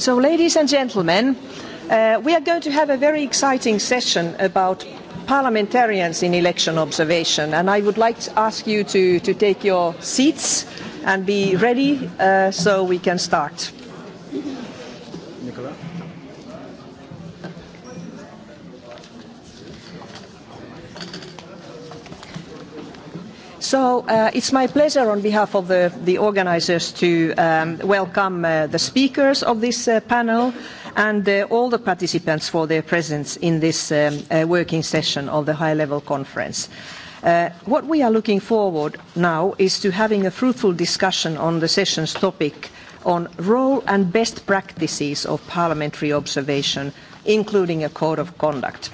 So, ladies and gentlemen, uh, we are going to have a very exciting session about parliamentarians in election observation, and I would like to ask you to, to take your seats and be ready uh, so we can start. So uh, it's my pleasure on behalf of the, the organizers to um, welcome uh, the speakers of this uh, panel and uh, all the participants for their presence in this um, uh, working session of the high-level conference. Uh, what we are looking forward now is to having a fruitful discussion on the session's topic on role and best practices of parliamentary observation, including a code of conduct.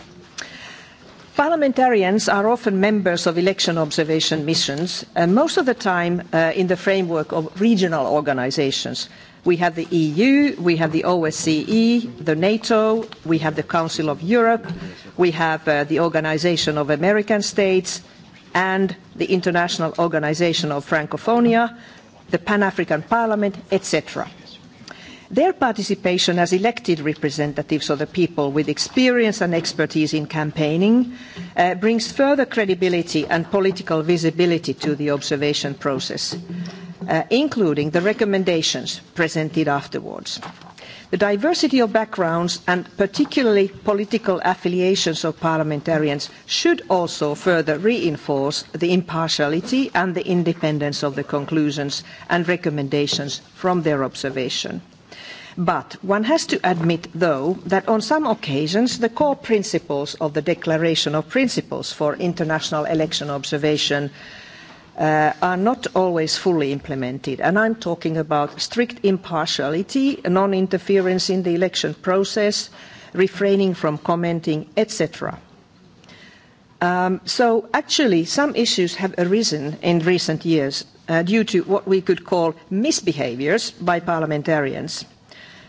Parliamentarians are often members of election observation missions, and most of the time uh, in the framework of regional organisations. We have the EU, we have the OSCE, the NATO, we have the Council of Europe, we have uh, the Organisation of American States, and the International Organisation of Francophonia, the Pan-African Parliament, etc. Their participation as elected representatives of the people with experience and expertise in campaigning uh, brings further credibility and political visibility to the observation process, uh, including the recommendations presented afterwards. The diversity of backgrounds and particularly political affiliations of parliamentarians should also further reinforce the impartiality and the independence of the conclusions and recommendations from their observation. But one has to admit, though, that on some occasions the core principles of the Declaration of Principles for International Election Observation uh, are not always fully implemented. And I'm talking about strict impartiality, non-interference in the election process, refraining from commenting, etc. Um, so actually, some issues have arisen in recent years uh, due to what we could call misbehaviours by parliamentarians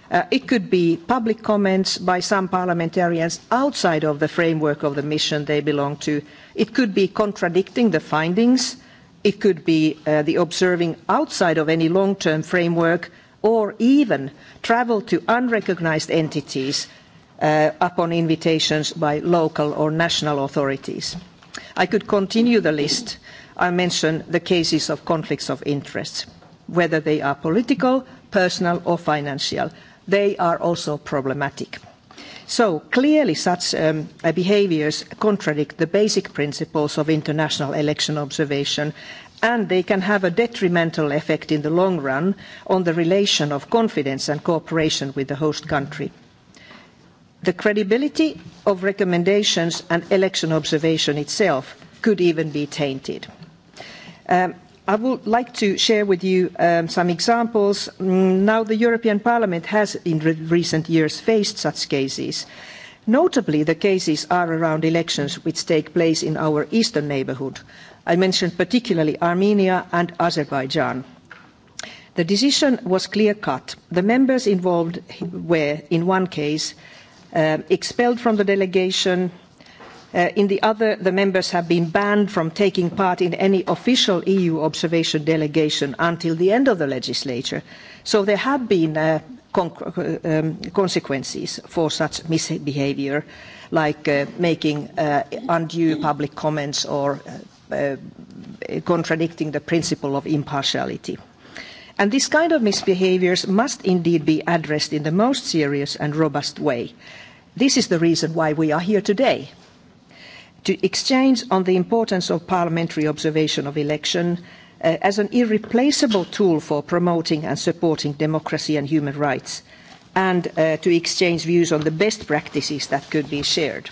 Uh, it could be public comments by some parliamentarians outside of the framework of the mission they belong to. It could be contradicting the findings. It could be uh, the observing outside of any long-term framework or even travel to unrecognised entities uh, upon invitations by local or national authorities. I could continue the list. I mention the cases of conflicts of interest, whether they are political, personal or financial they are also problematic. So clearly such um, behaviours contradict the basic principles of international election observation and they can have a detrimental effect in the long run on the relation of confidence and cooperation with the host country. The credibility of recommendations and election observation itself could even be tainted. Um, I would like to share with you um, some examples. Mm, now, the European Parliament has in re recent years faced such cases. Notably, the cases are around elections which take place in our eastern neighbourhood. I mentioned particularly Armenia and Azerbaijan. The decision was clear-cut. The members involved were, in one case, uh, expelled from the delegation – Uh, in the other, the members have been banned from taking part in any official EU observation delegation until the end of the legislature. So there have been uh, con um, consequences for such misbehaviour, like uh, making uh, undue public comments or uh, uh, contradicting the principle of impartiality. And this kind of misbehaviours must indeed be addressed in the most serious and robust way. This is the reason why we are here today to exchange on the importance of parliamentary observation of election uh, as an irreplaceable tool for promoting and supporting democracy and human rights, and uh, to exchange views on the best practices that could be shared.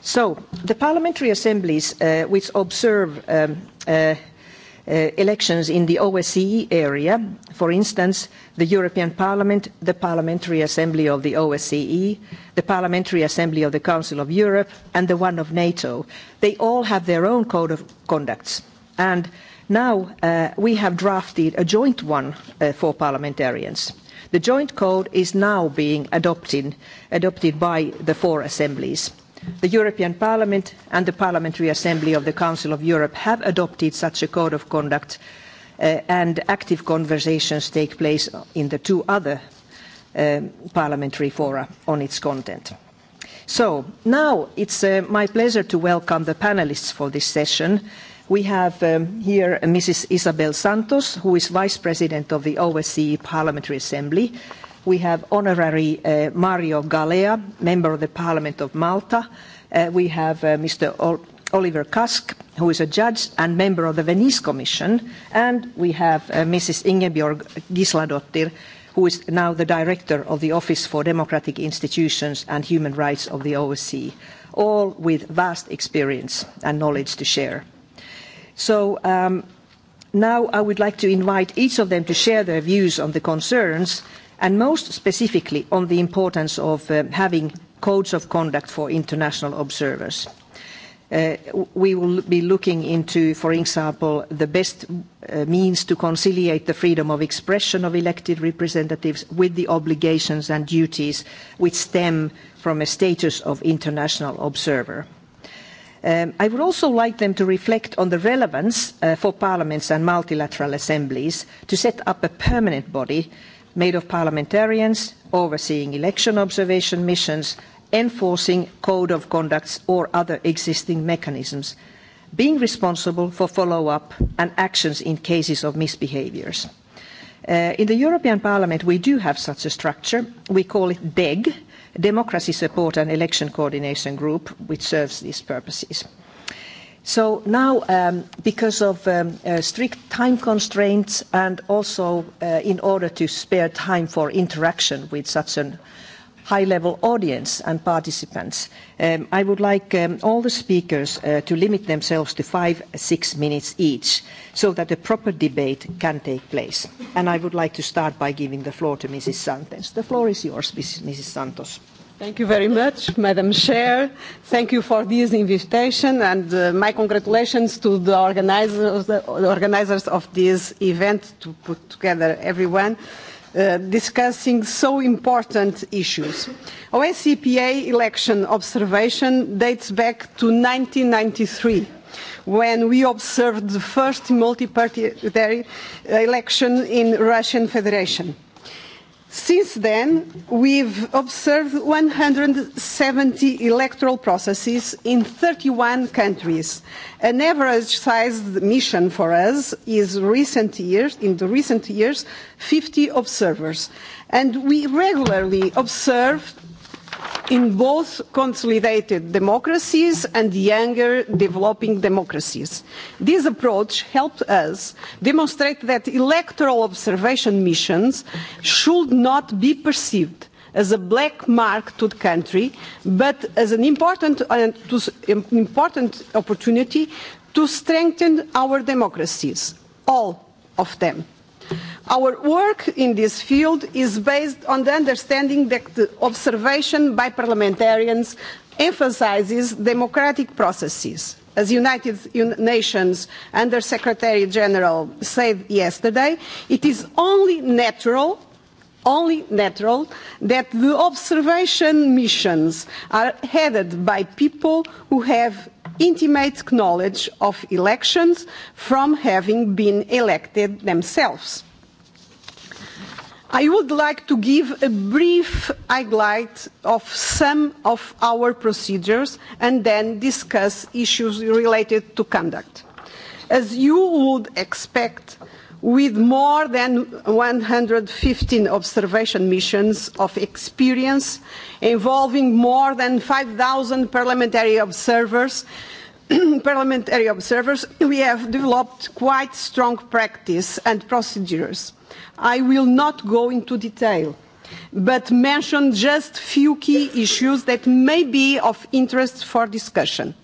So, the parliamentary assemblies uh, which observe um, uh, uh, elections in the OSCE area, for instance, the European Parliament, the Parliamentary Assembly of the OSCE, the Parliamentary Assembly of the Council of Europe, and the one of NATO. They all have their own code of conducts. And now uh, we have drafted a joint one uh, for parliamentarians. The joint code is now being adopted, adopted by the four assemblies. The European Parliament and the Parliamentary Assembly of the Council of Europe have adopted such a code of conduct uh, and active conversations take place in the two other um, parliamentary fora on its content. So now it's uh, my pleasure to welcome the panelists for this session. We have um, here Mrs. Isabel Santos, who is Vice President of the OSCE Parliamentary Assembly, we have Honorary uh, Mario Galea, Member of the Parliament of Malta. Uh, we have uh, Mr. Ol Oliver Kask, who is a judge and member of the Venice Commission. And we have uh, Mrs. Ingeborg Gisladottir, who is now the director of the Office for Democratic Institutions and Human Rights of the OSCE, all with vast experience and knowledge to share. So um, now I would like to invite each of them to share their views on the concerns and most specifically on the importance of uh, having codes of conduct for international observers. Uh, we will be looking into, for example, the best uh, means to conciliate the freedom of expression of elected representatives with the obligations and duties which stem from a status of international observer. Um, I would also like them to reflect on the relevance uh, for parliaments and multilateral assemblies to set up a permanent body made of parliamentarians overseeing election observation missions, enforcing code of conducts or other existing mechanisms, being responsible for follow-up and actions in cases of misbehaviours. Uh, in the European Parliament, we do have such a structure. We call it DEG, Democracy Support and Election Coordination Group, which serves these purposes. So now, um, because of um, uh, strict time constraints and also uh, in order to spare time for interaction with such an high-level audience and participants, um, I would like um, all the speakers uh, to limit themselves to five, six minutes each so that a proper debate can take place. And I would like to start by giving the floor to Mrs. Santos. The floor is yours, Mrs. Santos. Thank you very much, Madam Chair. Thank you for this invitation and uh, my congratulations to the organizers, the organizers of this event to put together everyone uh, discussing so important issues. OSCPA election observation dates back to 1993 when we observed the first multi-party uh, election in Russian Federation. Since then, we've observed 170 electoral processes in 31 countries. An average sized mission for us is recent years, in the recent years, 50 observers. And we regularly observe in both consolidated democracies and younger developing democracies. This approach helped us demonstrate that electoral observation missions should not be perceived as a black mark to the country, but as an important, uh, to, um, important opportunity to strengthen our democracies, all of them. Our work in this field is based on the understanding that the observation by parliamentarians emphasizes democratic processes. As the United Nations Under Secretary General said yesterday, it is only natural only natural that the observation missions are headed by people who have intimate knowledge of elections from having been elected themselves. I would like to give a brief highlight of some of our procedures and then discuss issues related to conduct. As you would expect, with more than 115 observation missions of experience involving more than 5,000 parliamentary observers. parliamentary observers, we have developed quite strong practice and procedures. I will not go into detail, but mention just few key issues that may be of interest for discussion.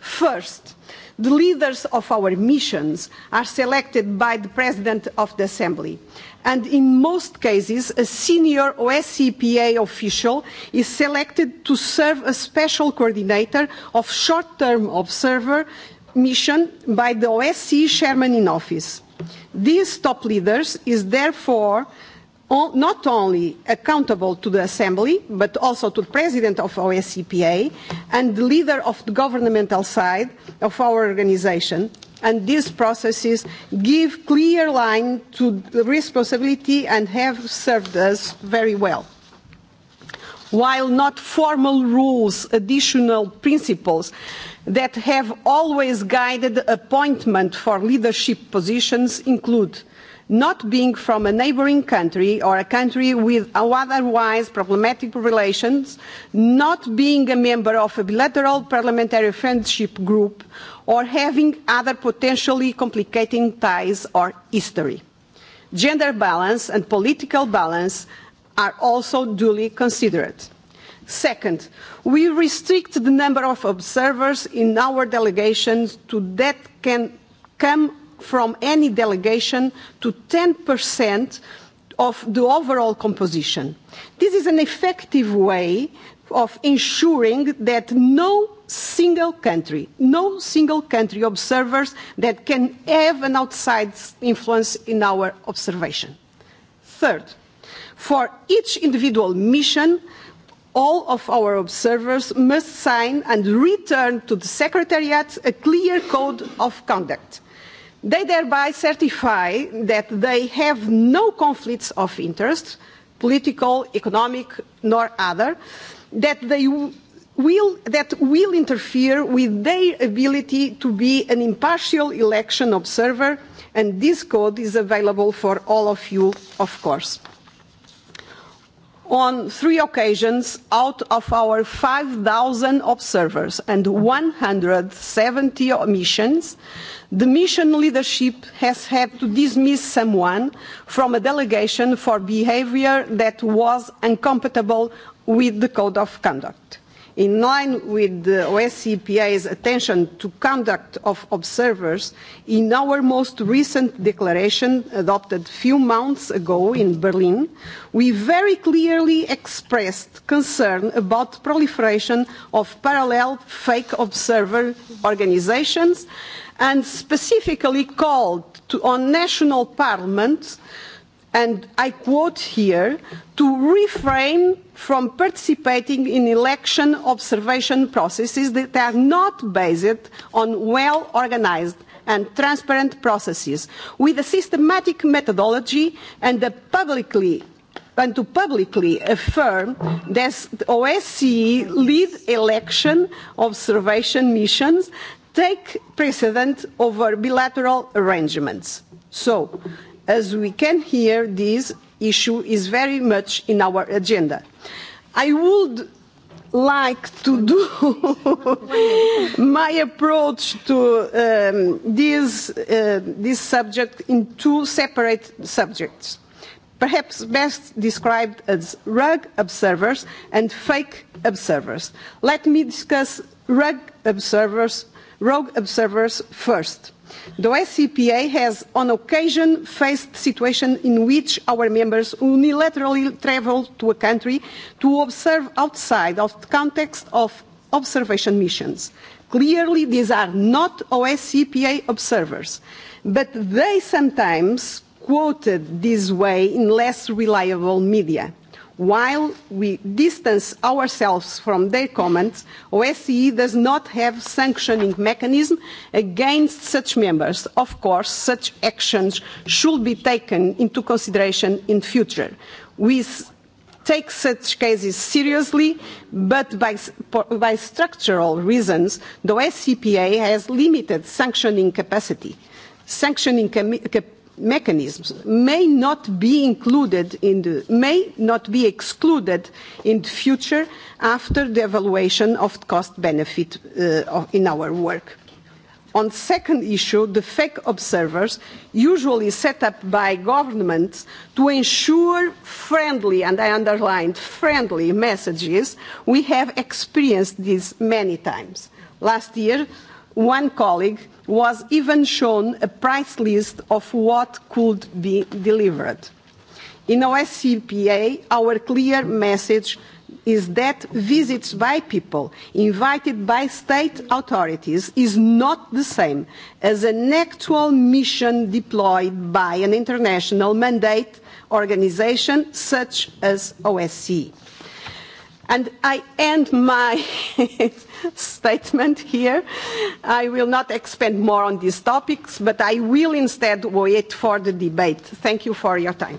First, The leaders of our missions are selected by the President of the Assembly, and in most cases, a senior OSCPA official is selected to serve a special coordinator of short-term observer mission by the OSCE chairman in office. These top leaders is therefore not only accountable to the Assembly, but also to the President of OSCPA and the leader of the governmental side of our organization. And these processes give clear line to the responsibility and have served us very well. While not formal rules, additional principles that have always guided appointment for leadership positions include not being from a neighbouring country or a country with otherwise problematic relations, not being a member of a bilateral parliamentary friendship group, or having other potentially complicating ties or history. Gender balance and political balance are also duly considered. Second, we restrict the number of observers in our delegations to that can come from any delegation to 10% of the overall composition. This is an effective way of ensuring that no single country, no single country observers that can have an outside influence in our observation. Third, for each individual mission, all of our observers must sign and return to the Secretariat a clear code of conduct They thereby certify that they have no conflicts of interest, political, economic, nor other, that they will, that will interfere with their ability to be an impartial election observer, and this code is available for all of you, of course on three occasions out of our 5,000 observers and 170 missions, the mission leadership has had to dismiss someone from a delegation for behaviour that was incompatible with the code of conduct. In line with the OSCPA's attention to conduct of observers, in our most recent declaration adopted a few months ago in Berlin, we very clearly expressed concern about the proliferation of parallel fake observer organisations and specifically called to, on national parliaments and I quote here, to refrain from participating in election observation processes that are not based on well organised and transparent processes with a systematic methodology and a publicly and to publicly affirm that OSCE e lead election observation missions take precedent over bilateral arrangements. So as we can hear, this issue is very much in our agenda. I would like to do my approach to um, this, uh, this subject in two separate subjects, perhaps best described as rug observers and fake observers. Let me discuss rug observers, rogue observers first. The SCPA has on occasion faced situations in which our members unilaterally travel to a country to observe outside of the context of observation missions. Clearly, these are not OSCPA observers, but they sometimes quoted this way in less reliable media. While we distance ourselves from their comments, OSCE does not have sanctioning mechanism against such members. Of course, such actions should be taken into consideration in future. We take such cases seriously, but by, by structural reasons, the OSCPA has limited sanctioning capacity. Sanctioning capacity mechanisms may not be included in the, may not be excluded in the future after the evaluation of cost benefit uh, of, in our work. On the second issue, the fake observers, usually set up by governments to ensure friendly, and I underlined friendly messages, we have experienced this many times. Last year, One colleague was even shown a price list of what could be delivered. In OSCPA, our clear message is that visits by people invited by state authorities is not the same as an actual mission deployed by an international mandate organisation such as OSCE. And I end my statement here. I will not expand more on these topics, but I will instead wait for the debate. Thank you for your time.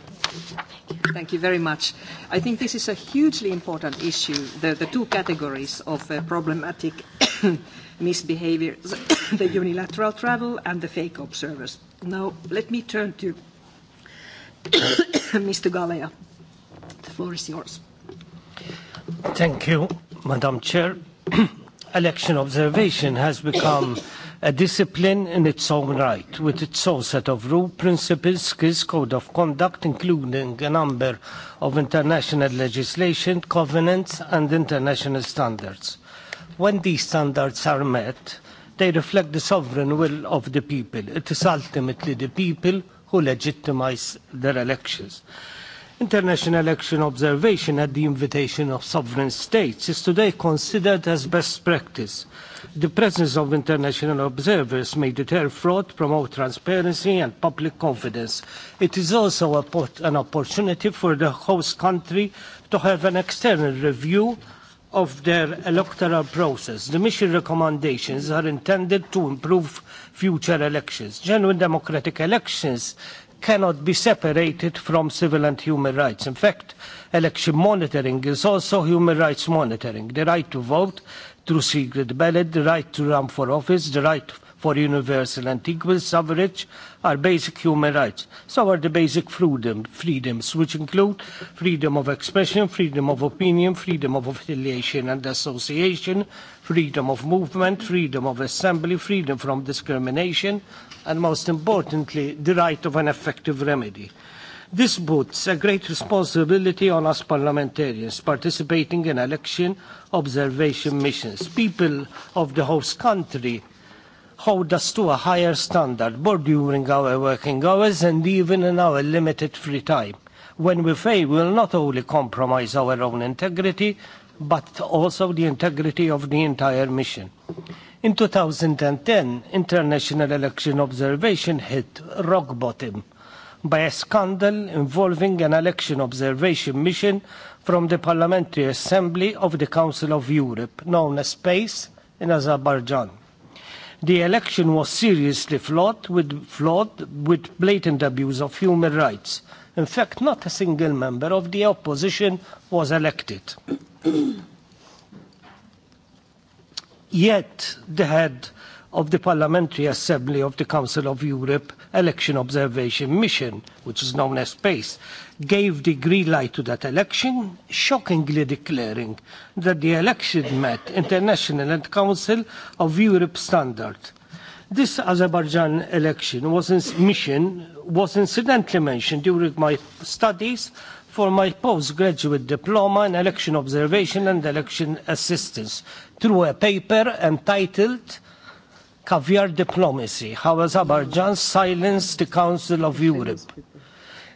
Thank you very much. I think this is a hugely important issue, the, the two categories of uh, problematic misbehavior, the unilateral travel and the fake observers. Now, let me turn to Mr. Galea. The floor is yours. Thank you, Madam Chair. Election observation has become a discipline in its own right, with its own set of rules, principles, skills, code of conduct, including a number of international legislation, covenants, and international standards. When these standards are met, they reflect the sovereign will of the people. It is ultimately the people who legitimise their elections. International Election Observation at the invitation of sovereign states is today considered as best practice. The presence of international observers may deter fraud, promote transparency and public confidence. It is also an opportunity for the host country to have an external review of their electoral process. The mission recommendations are intended to improve future elections. Genuine democratic elections cannot be separated from civil and human rights. In fact, election monitoring is also human rights monitoring. The right to vote through secret ballot, the right to run for office, the right for universal and equal suffrage, are basic human rights. So are the basic freedom, freedoms, which include freedom of expression, freedom of opinion, freedom of affiliation and association, freedom of movement, freedom of assembly, freedom from discrimination, and most importantly, the right of an effective remedy. This puts a great responsibility on us parliamentarians participating in election observation missions. People of the host country hold us to a higher standard, both during our working hours and even in our limited free time. When we fail, we'll not only compromise our own integrity, but also the integrity of the entire mission. In 2010, international election observation hit rock bottom by a scandal involving an election observation mission from the Parliamentary Assembly of the Council of Europe, known as PACE, in Azerbaijan. The election was seriously flawed with, flawed with blatant abuse of human rights. In fact, not a single member of the opposition was elected. Yet, the head of the Parliamentary Assembly of the Council of Europe election observation mission, which is known as PACE, gave the green light to that election, shockingly declaring that the election met international and Council of Europe standard. This Azerbaijan election was in mission was incidentally mentioned during my studies for my postgraduate diploma in election observation and election assistance through a paper entitled Caviar Diplomacy, How Azerbaijan Silenced the Council of Europe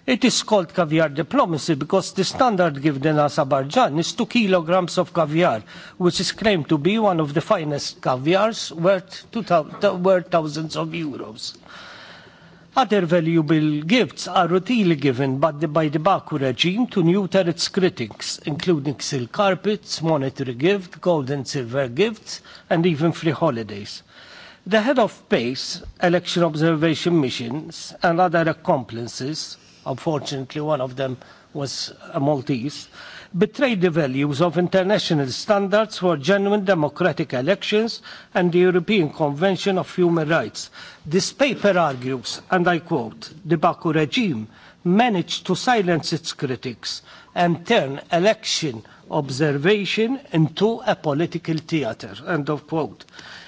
It is called caviar diplomacy because the standard given in Azerbaijan is two kilograms of caviar, which is claimed to be one of the finest caviars worth, two, worth thousands of euros. Other valuable gifts are routinely given by the, by the Baku regime to neuter its critics, including silk carpets, monetary gifts, gold and silver gifts, and even free holidays. The head of PACE, election observation missions, and other accomplices Unfortunately, one of them was a Maltese, betrayed the values of international standards for genuine democratic elections and the European Convention of Human Rights. This paper argues, and I quote, the Baku regime managed to silence its critics and turn election observation into a political theater. End of quote.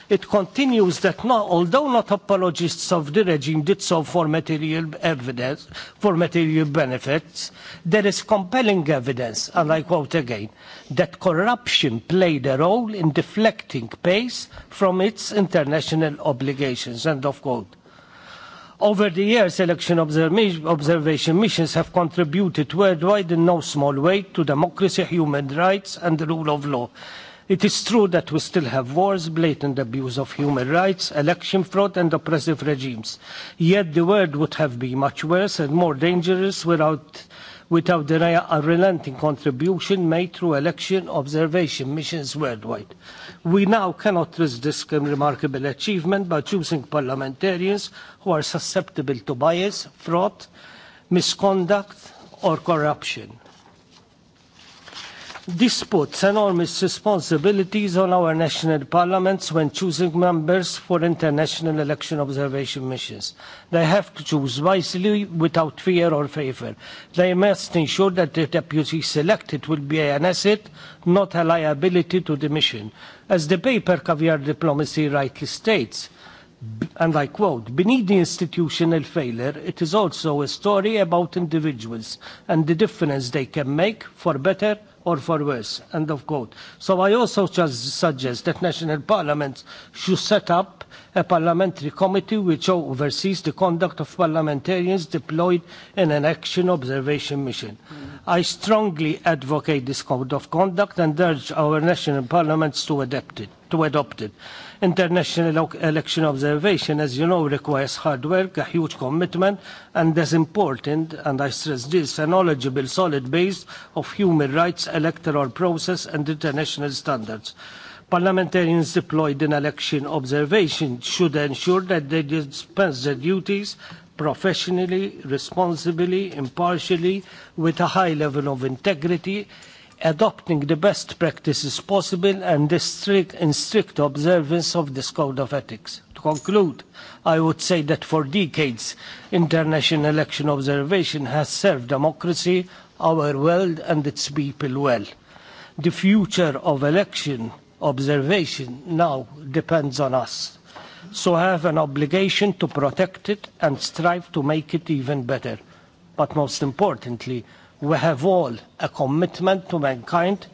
It continues that not, although not apologists of the regime did so for material evidence, for material benefits, there is compelling evidence, and I quote again, that corruption played a role in deflecting pace from its international obligations, end of quote. Over the years, election observation missions have contributed worldwide in no small way to democracy, human rights, and the rule of law. It is true that we still have wars, blatant abuse of human rights, election fraud and oppressive regimes. Yet the world would have been much worse and more dangerous without, without the unrelenting contribution made through election observation missions worldwide. We now cannot risk this remarkable achievement by choosing parliamentarians who are susceptible to bias, fraud, misconduct or corruption This puts enormous responsibilities on our national parliaments when choosing members for international election observation missions. They have to choose wisely without fear or favour. They must ensure that the deputy selected will be an asset, not a liability to the mission. As the paper caviar diplomacy rightly states, and I quote, beneath the institutional failure, it is also a story about individuals and the difference they can make for better or for worse. End of quote. So I also just suggest that national parliaments should set up a parliamentary committee which oversees the conduct of parliamentarians deployed in an action observation mission. Mm. I strongly advocate this code of conduct and urge our national parliaments to adapt it. To adopt it. International election observation, as you know, requires hard work, a huge commitment, and as important, and I stress this, a knowledgeable, solid base of human rights, electoral process, and international standards. Parliamentarians deployed in election observation should ensure that they dispense their duties professionally, responsibly, impartially, with a high level of integrity, adopting the best practices possible and the strict, in strict observance of this code of ethics. To conclude, I would say that for decades, international election observation has served democracy, our world and its people well. The future of election observation now depends on us, so I have an obligation to protect it and strive to make it even better. But most importantly, we have all a commitment to mankind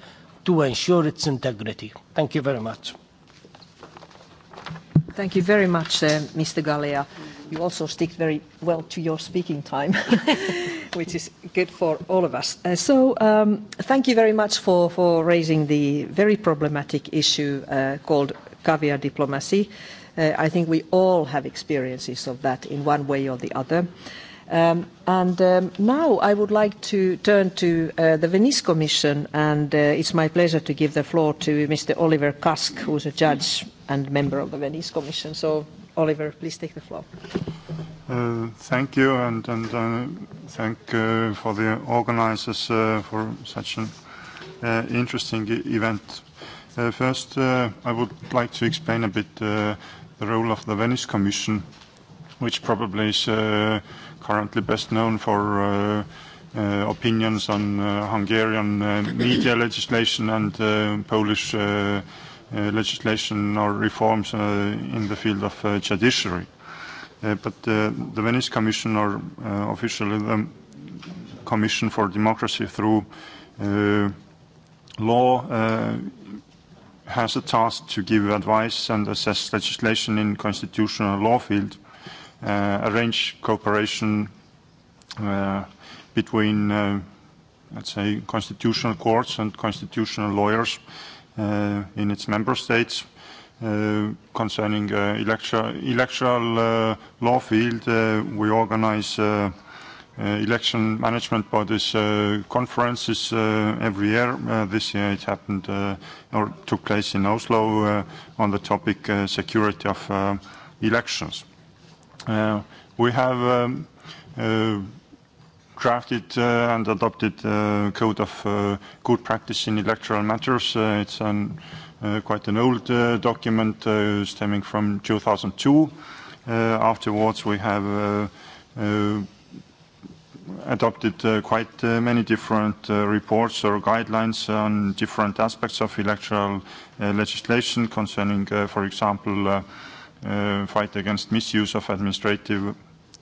to ensure its integrity. Thank you very much. Thank you very much, uh, Mr. Galea. You also stick very well to your speaking time, which is good for all of us. Uh, so um, thank you very much for, for raising the very problematic issue uh, called caviar diplomacy. Uh, I think we all have experiences of that in one way or the other. Uh, Um, and um, now I would like to turn to uh, the Venice Commission, and uh, it's my pleasure to give the floor to Mr. Oliver Kask, who is a judge and member of the Venice Commission. So, Oliver, please take the floor. Uh, thank you, and, and uh, thank uh, for the organizers uh, for such an uh, interesting e-, event. Uh, first, uh, I would like to explain a bit uh, the role of the Venice Commission, which probably is uh, currently best known for uh, uh, opinions on uh, Hungarian uh, media legislation and uh, Polish uh, uh, legislation or reforms uh, in the field of uh, judiciary. Uh, but uh, the Venice Commission, or uh, officially the Commission for Democracy through uh, law, uh, has a task to give advice and assess legislation in constitutional law field uh, arrange cooperation uh, between, uh, let's say, constitutional courts and constitutional lawyers uh, in its member states uh, concerning uh, electoral, electoral uh, law field. Uh, we organize uh, uh, election management bodies uh, conferences uh, every year. Uh, this year it happened uh, or took place in Oslo uh, on the topic uh, security of uh, elections. Uh, we have um, uh, drafted uh, and adopted a uh, code of uh, good practice in electoral matters. Uh, it's an, uh, quite an old uh, document uh, stemming from 2002. Uh, afterwards, we have uh, uh, adopted uh, quite uh, many different uh, reports or guidelines on different aspects of electoral uh, legislation concerning, uh, for example, uh, uh, fight against misuse of administrative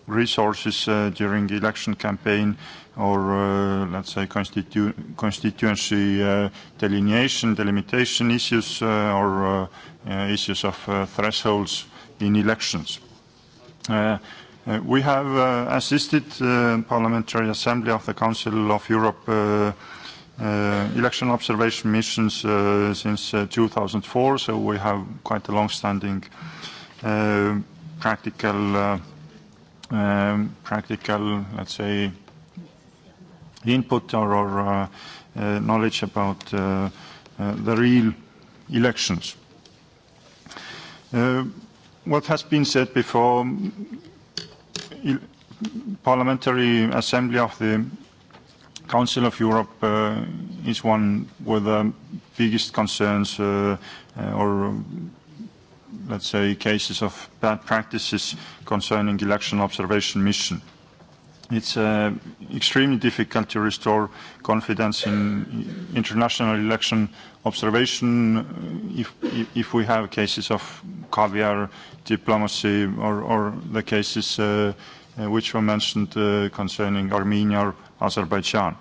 resources uh, during election campaign or uh, let's say constitu constituency uh, delineation, delimitation issues uh, or uh, uh, issues of uh, thresholds in elections. Uh, uh, we have uh, assisted uh, Parliamentary Assembly of the Council of Europe uh, uh, election observation missions uh, since uh, 2004, so we have quite a long-standing uh, uh, practical, uh, um, practical, let's say, input or, or uh, uh, knowledge about uh, uh, the real elections. Uh, what has been said before, Parliamentary Assembly of the Council of Europe uh, is one with the biggest concerns uh, uh, or let's say, cases of bad practices concerning election observation mission. It's uh, extremely difficult to restore confidence in international election observation uh, if, if we have cases of caviar diplomacy or, or the cases uh, uh, which were mentioned uh, concerning Armenia or Azerbaijan.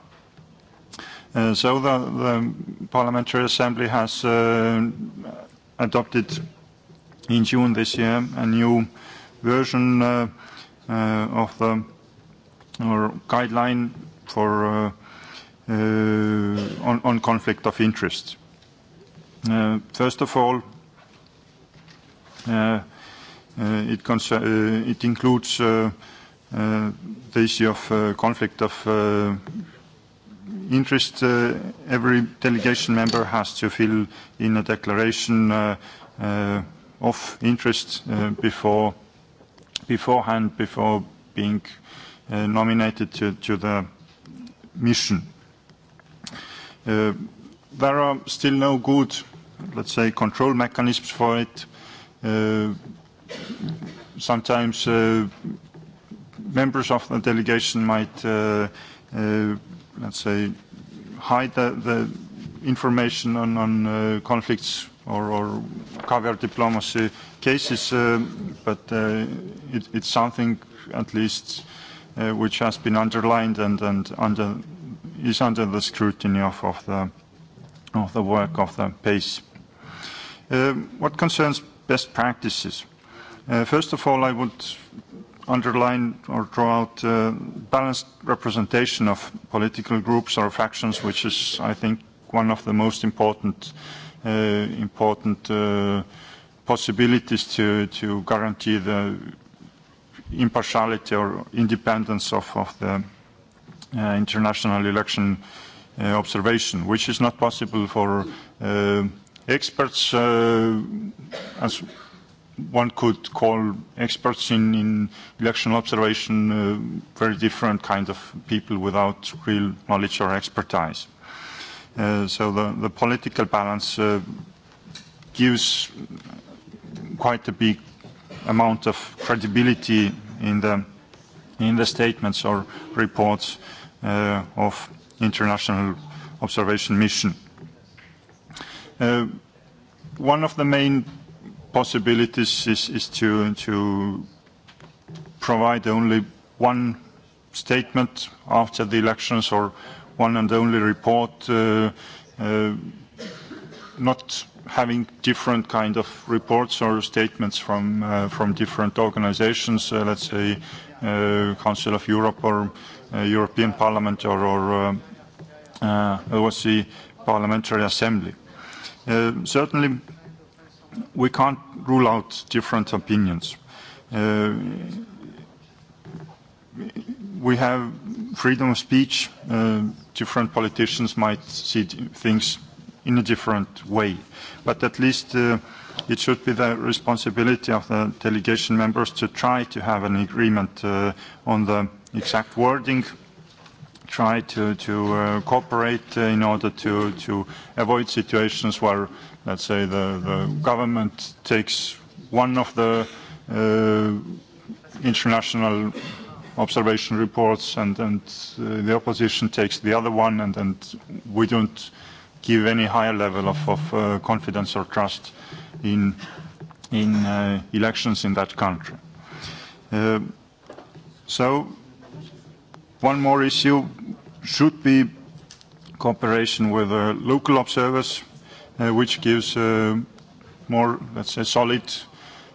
Uh, so the, the Parliamentary Assembly has uh, adopted in June this year a new version uh, uh, of the or guideline for uh, uh, on, on conflict of interest. Uh, first of all, uh, uh, it, uh, it includes uh, uh, the issue of uh, conflict of uh, interest. Uh, every delegation member has to fill in a declaration uh, uh, of interest uh, before, beforehand, before being uh, nominated to, to the mission. Uh, there are still no good, let's say, control mechanisms for it. Uh, sometimes uh, members of the delegation might, uh, uh, let's say, hide the, the information on, on uh, conflicts or, or cover diplomacy cases, uh, but uh, it, it's something at least uh, which has been underlined and, and under, is under the scrutiny of, of, the, of the work of the PACE. Uh what concerns best practices? Uh, first of all, I would underline or draw out uh, balanced representation of political groups or factions, which is, I think, one of the most important uh, uh, important uh, possibilities to, to guarantee the impartiality or independence of, of the uh, international election uh, observation, which is not possible for uh, experts, uh, as one could call experts in, in election observation, uh, very different kind of people without real knowledge or expertise. Uh, so the, the political balance uh, gives quite a big amount of credibility in the, in the statements or reports uh, of international observation mission. Uh, one of the main possibilities is, is to, to provide only one statement after the elections or one and only report, uh, uh, not having different kind of reports or statements from, uh, from different organizations, uh, let's say uh, Council of Europe or uh, European Parliament or, or uh, uh, OSCE Parliamentary Assembly. Uh, certainly, we can't rule out different opinions. Uh, we have freedom of speech, uh, different politicians might see things in a different way. But at least uh, it should be the responsibility of the delegation members to try to have an agreement uh, on the exact wording, try to, to uh, cooperate uh, in order to, to avoid situations where, let's say, the, the government takes one of the uh, international observation reports and, and uh, the opposition takes the other one and, and we don't give any higher level of, of uh, confidence or trust in, in uh, elections in that country. Uh, so one more issue should be cooperation with uh, local observers, uh, which gives uh, more, let's say, solid,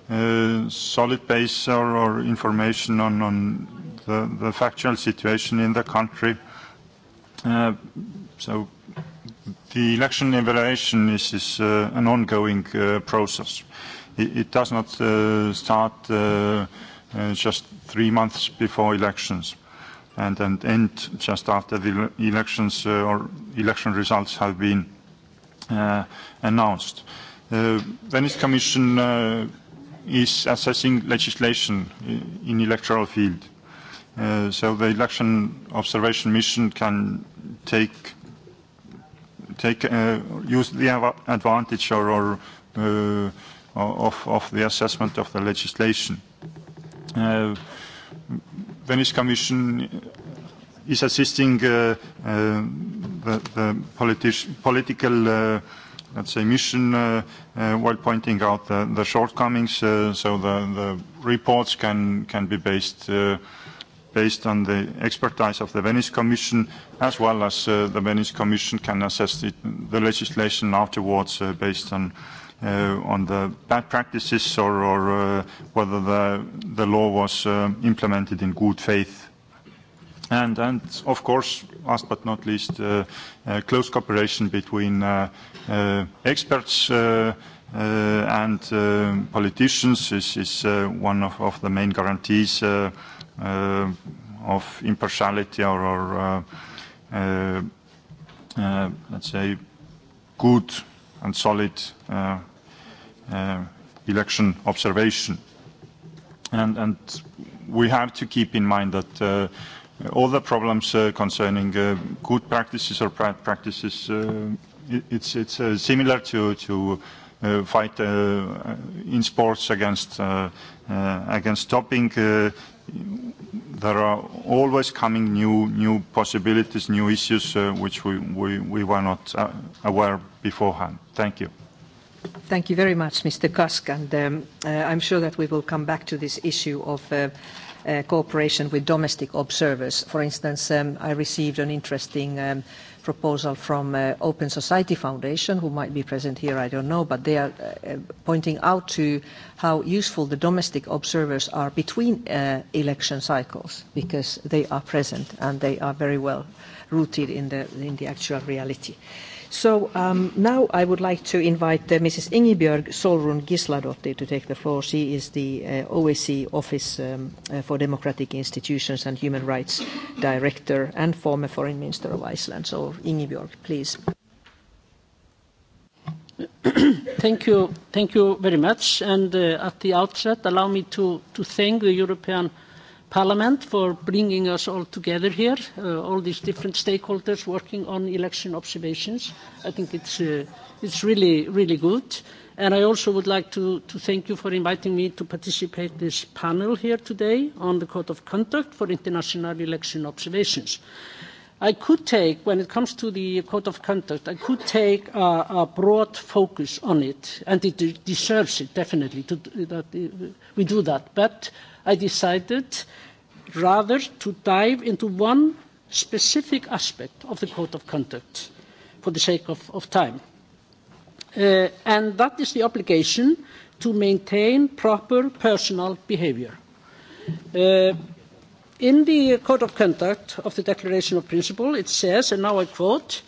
uh, solid base or, or information on, on the, the factual situation in the country. Uh, so the election evaluation is, is uh, an ongoing uh, process. It, it does not uh, start uh, uh, just three months before elections and, and end just after the elections uh, or election results have been uh, announced. Uh, Venice Commission uh, is assessing legislation in electoral field. Uh, so the election observation mission can take take uh, use the advantage or, or uh, of, of the assessment of the legislation. Uh, Venice Commission is assisting uh, uh, the, the politi political, uh, let's say, mission uh, uh, while pointing out the, the shortcomings, uh, so the, the reports can, can be based uh, based on the expertise of the Venice Commission, as well as uh, the Venice Commission can assess the, the legislation afterwards uh, based on, uh, on the bad practices or, or uh, whether the, the law was uh, implemented in good faith. And, and of course, last but not least, uh, uh, close cooperation between uh, uh, experts uh, uh, and uh, politicians is, is uh, one of, of the main guarantees uh, uh, of impartiality or, or uh, uh, uh, let's say, good and solid uh, uh, election observation. And, and we have to keep in mind that uh, all the problems uh, concerning uh, good practices or bad practices, uh, it's, it's uh, similar to, to uh, fight uh, in sports against, uh, uh, against stopping Uh, there are always coming new, new possibilities, new issues uh, which we, we, we were not uh, aware beforehand. Thank you. Thank you very much, Mr. Kask, and um, uh, I'm sure that we will come back to this issue of uh, uh, cooperation with domestic observers. For instance, um, I received an interesting um, proposal from uh, Open Society Foundation, who might be present here, I don't know, but they are uh, pointing out to how useful the domestic observers are between uh, election cycles, because they are present and they are very well rooted in the, in the actual reality. Uh, So um, now I would like to invite uh, Mrs. Ingebjörg Solrun Gisladotti to take the floor. She is the uh, OSCE Office um, uh, for Democratic Institutions and Human Rights Director and former Foreign Minister of Iceland. So Ingebjörg, please. thank you, thank you very much. And uh, at the outset, allow me to, to thank the European Parliament for bringing us all together here, uh, all these different stakeholders working on election observations. I think it's, uh, it's really, really good. And I also would like to, to thank you for inviting me to participate in this panel here today on the Code of Conduct for International Election Observations. I could take, when it comes to the Code of Conduct, I could take a, a broad focus on it, and it deserves it, definitely, to, that uh, we do that. But I decided rather to dive into one specific aspect of the code of conduct for the sake of, of time. Uh, and that is the obligation to maintain proper personal behavior. Uh, in the code of conduct of the Declaration of Principle, it says, and now I quote,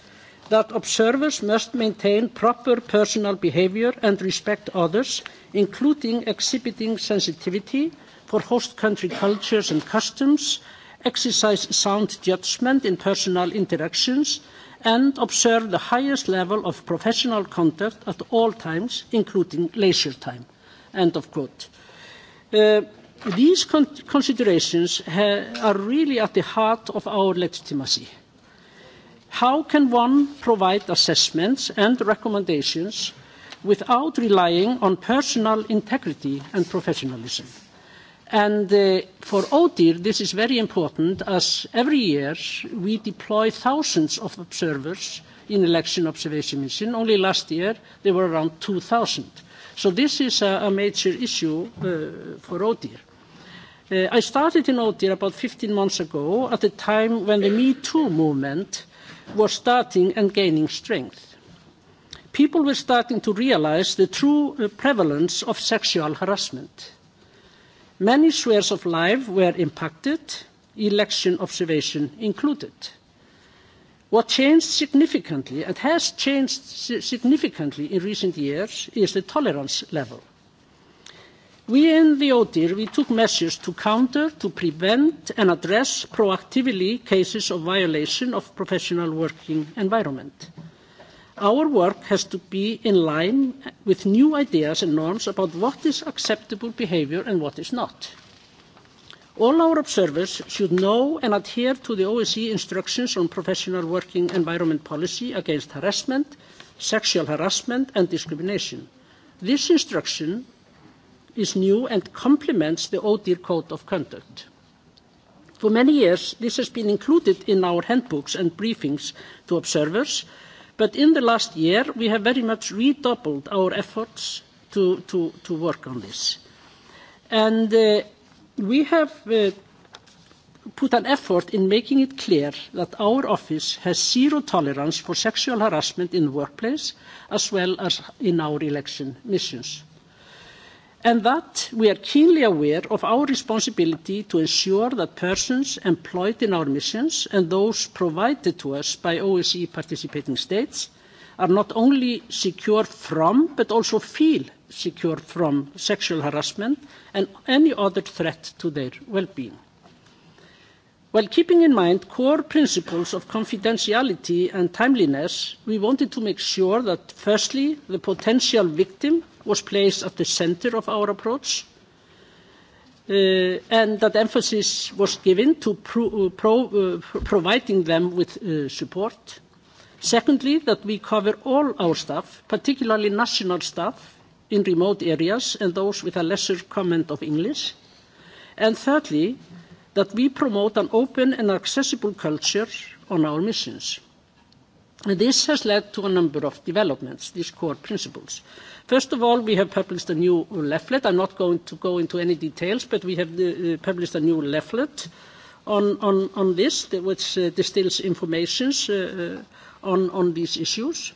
that observers must maintain proper personal behavior and respect others, including exhibiting sensitivity for host country cultures and customs, exercise sound judgment in personal interactions, and observe the highest level of professional conduct at all times, including leisure time. End of quote. Uh, these con considerations ha are really at the heart of our legitimacy. How can one provide assessments and recommendations without relying on personal integrity and professionalism? And uh, for OTIR, this is very important as every year we deploy thousands of observers in election observation mission. Only last year there were around 2,000. So this is a, a major issue uh, for OTIR. Uh, I started in OTIR about 15 months ago at a time when the Me Too movement was starting and gaining strength. People were starting to realize the true uh, prevalence of sexual harassment Many spheres of life were impacted, election observation included. What changed significantly and has changed significantly in recent years is the tolerance level. We in the ODIR, we took measures to counter, to prevent and address proactively cases of violation of professional working environment. Our work has to be in line with new ideas and norms about what is acceptable behaviour and what is not. All our observers should know and adhere to the OSCE instructions on professional working environment policy against harassment, sexual harassment and discrimination. This instruction is new and complements the ODIR Code of Conduct. For many years, this has been included in our handbooks and briefings to observers But in the last year, we have very much redoubled our efforts to, to, to work on this. And uh, we have uh, put an effort in making it clear that our office has zero tolerance for sexual harassment in the workplace as well as in our election missions and that we are keenly aware of our responsibility to ensure that persons employed in our missions and those provided to us by OSCE participating states are not only secure from but also feel secure from sexual harassment and any other threat to their well-being. While keeping in mind core principles of confidentiality and timeliness, we wanted to make sure that firstly, the potential victim was placed at the centre of our approach, uh, and that emphasis was given to pro uh, pro uh, providing them with uh, support. Secondly, that we cover all our staff, particularly national staff in remote areas and those with a lesser comment of English. And thirdly, that we promote an open and accessible culture on our missions. And this has led to a number of developments, these core principles. First of all, we have published a new leaflet. I'm not going to go into any details, but we have uh, uh published a new leaflet on, on, on this, which uh, distills information uh, uh, on, on these issues.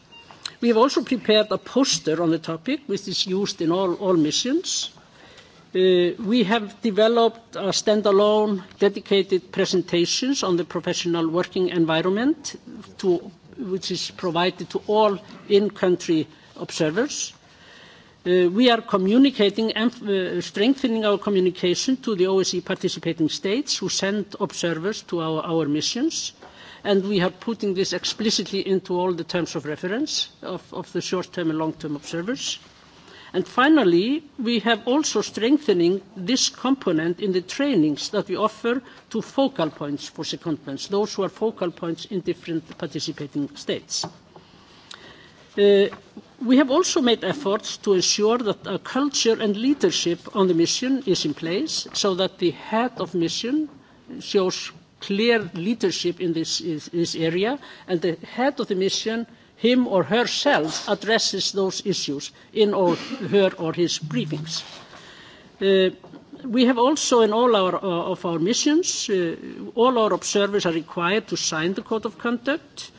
We have also prepared a poster on the topic, which is used in all, all missions. Uh, we have developed standalone dedicated presentations on the professional working environment, to, which is provided to all in-country observers. Uh, we are communicating and uh, strengthening our communication to the OSCE participating states who send observers to our, our missions, and we are putting this explicitly into all the terms of reference of, of the short-term and long-term observers. Uh, And finally, we have also strengthening this component in the trainings that we offer to focal points for secondments, those who are focal points in different participating states. Uh, we have also made efforts to ensure that a culture and leadership on the mission is in place so that the head of mission shows clear leadership in this, in this area and the head of the mission him or herself addresses those issues in or her or his briefings. Uh, we have also in all our, uh, of our missions, uh, all our observers are required to sign the code of conduct.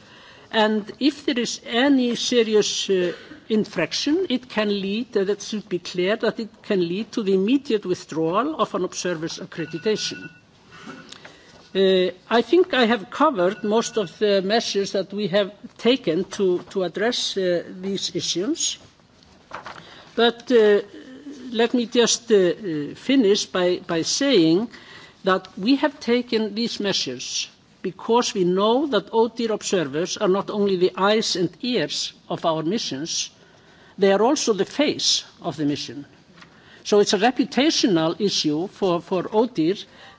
And if there is any serious uh, infraction, it can lead, uh, that should be clear, that it can lead to the immediate withdrawal of an observer's accreditation. Uh, I think I have covered most of the measures that we have taken to, to address uh, these issues. But uh, let me just uh, uh finish by, by saying that we have taken these measures because we know that OTIR observers are not only the eyes and ears of our missions, they are also the face of the mission. So it's a reputational issue for, for OTIR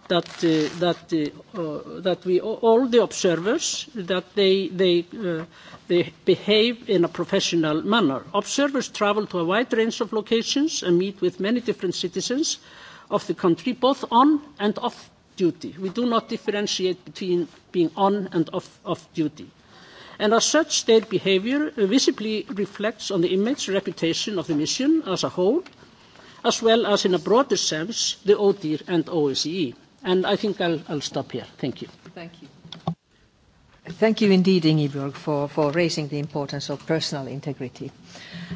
that, uh, that, uh, uh, that we, all the observers, that they, they, uh, they behave in a professional manner. Observers travel to a wide range of locations and meet with many different citizens of the country, both on and off duty. We do not differentiate between being on and off, of duty. And as such, their behavior visibly reflects on the image reputation of the mission as a whole, as well as in a broader sense, the OTIR and OSCE. E. And I think I'll, I'll stop here. Thank you. Thank you. Thank you indeed, Ingeborg, for, for raising the importance of personal integrity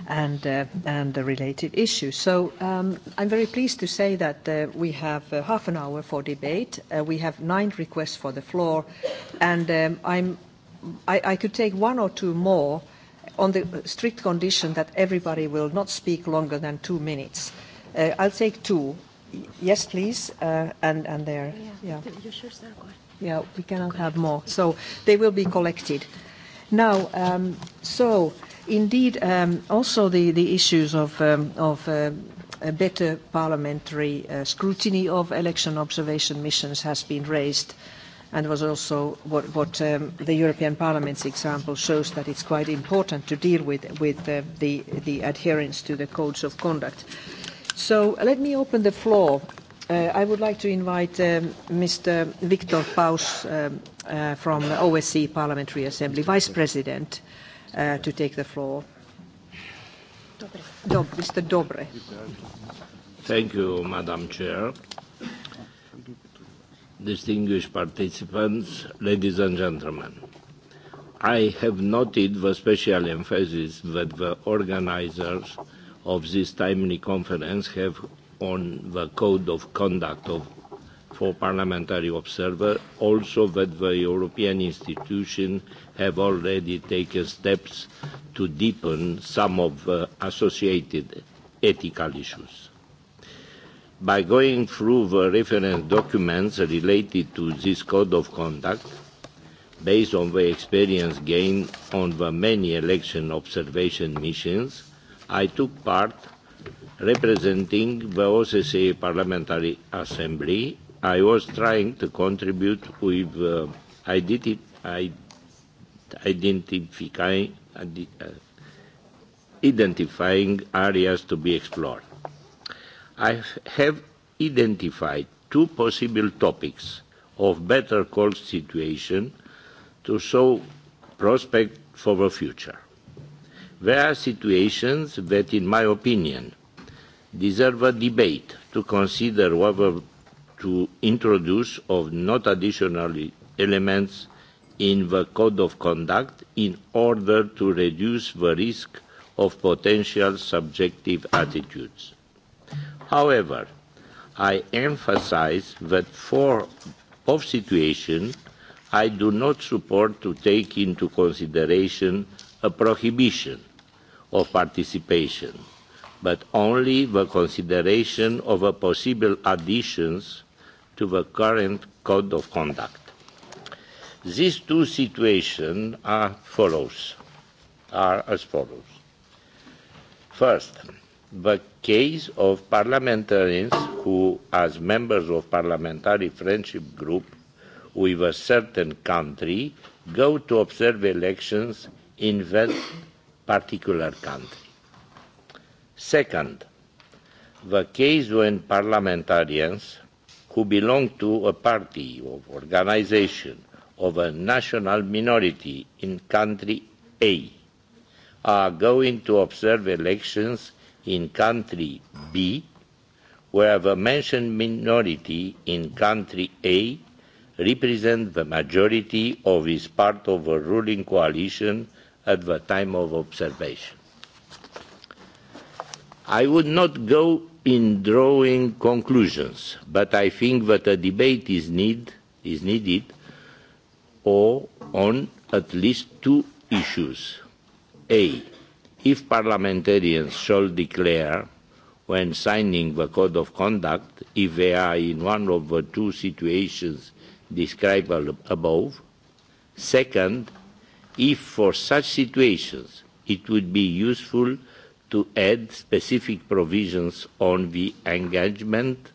and, uh, and the related issues. So um, I'm very pleased to say that uh, we have uh, half an hour for debate. Uh, we have nine requests for the floor, and um, I'm, I, I could take one or two more on the strict condition that everybody will not speak longer than two minutes. Uh, I'll take two, Yes, please, uh, and, and there. Yeah. yeah, we cannot have more. So they will be collected. Now, um, so indeed, um, also the, the issues of, um, of uh, a better parliamentary uh, scrutiny of election observation missions has been raised and was also what, what um, the European Parliament's example shows that it's quite important to deal with, with uh, the, the adherence to the codes of conduct. Uh, So uh, let me open the floor. Uh, I would like to invite um, Mr. Viktor Paus um, uh, from the OSCE Parliamentary Assembly, Vice President, uh, to take the floor. Dob, Mr. Dobre. Thank you, Madam Chair. Distinguished participants, ladies and gentlemen. I have noted the special emphasis that the organizers of this timely conference have on the code of conduct of, for parliamentary observer, also that the European institutions have already taken steps to deepen some of the associated ethical issues. By going through the reference documents related to this code of conduct, based on the experience gained on the many election observation missions, I took part representing the OSCE Parliamentary Assembly. I was trying to contribute with uh, identifying, uh, identifying areas to be explored. I have identified two possible topics of better call situation to show prospect for the future. There are situations that, in my opinion, deserve a debate to consider whether to introduce or not additional elements in the code of conduct in order to reduce the risk of potential subjective attitudes. However, I emphasize that for of situation, I do not support to take into consideration a prohibition of participation, but only the consideration of a possible additions to the current code of conduct. These two situations are follows, are as follows. First, the case of parliamentarians who, as members of parliamentary friendship group with a certain country, go to observe elections in that particular country. Second, the case when parliamentarians who belong to a party or organization of a national minority in country A are going to observe elections in country B where the mentioned minority in country A represent the majority of is part of a ruling coalition at the time of observation. I would not go in drawing conclusions, but I think that a debate is, need, is needed or on at least two issues. A. If parliamentarians shall declare when signing the code of conduct if they are in one of the two situations described above. Second, if for such situations it would be useful to add specific provisions on the engagement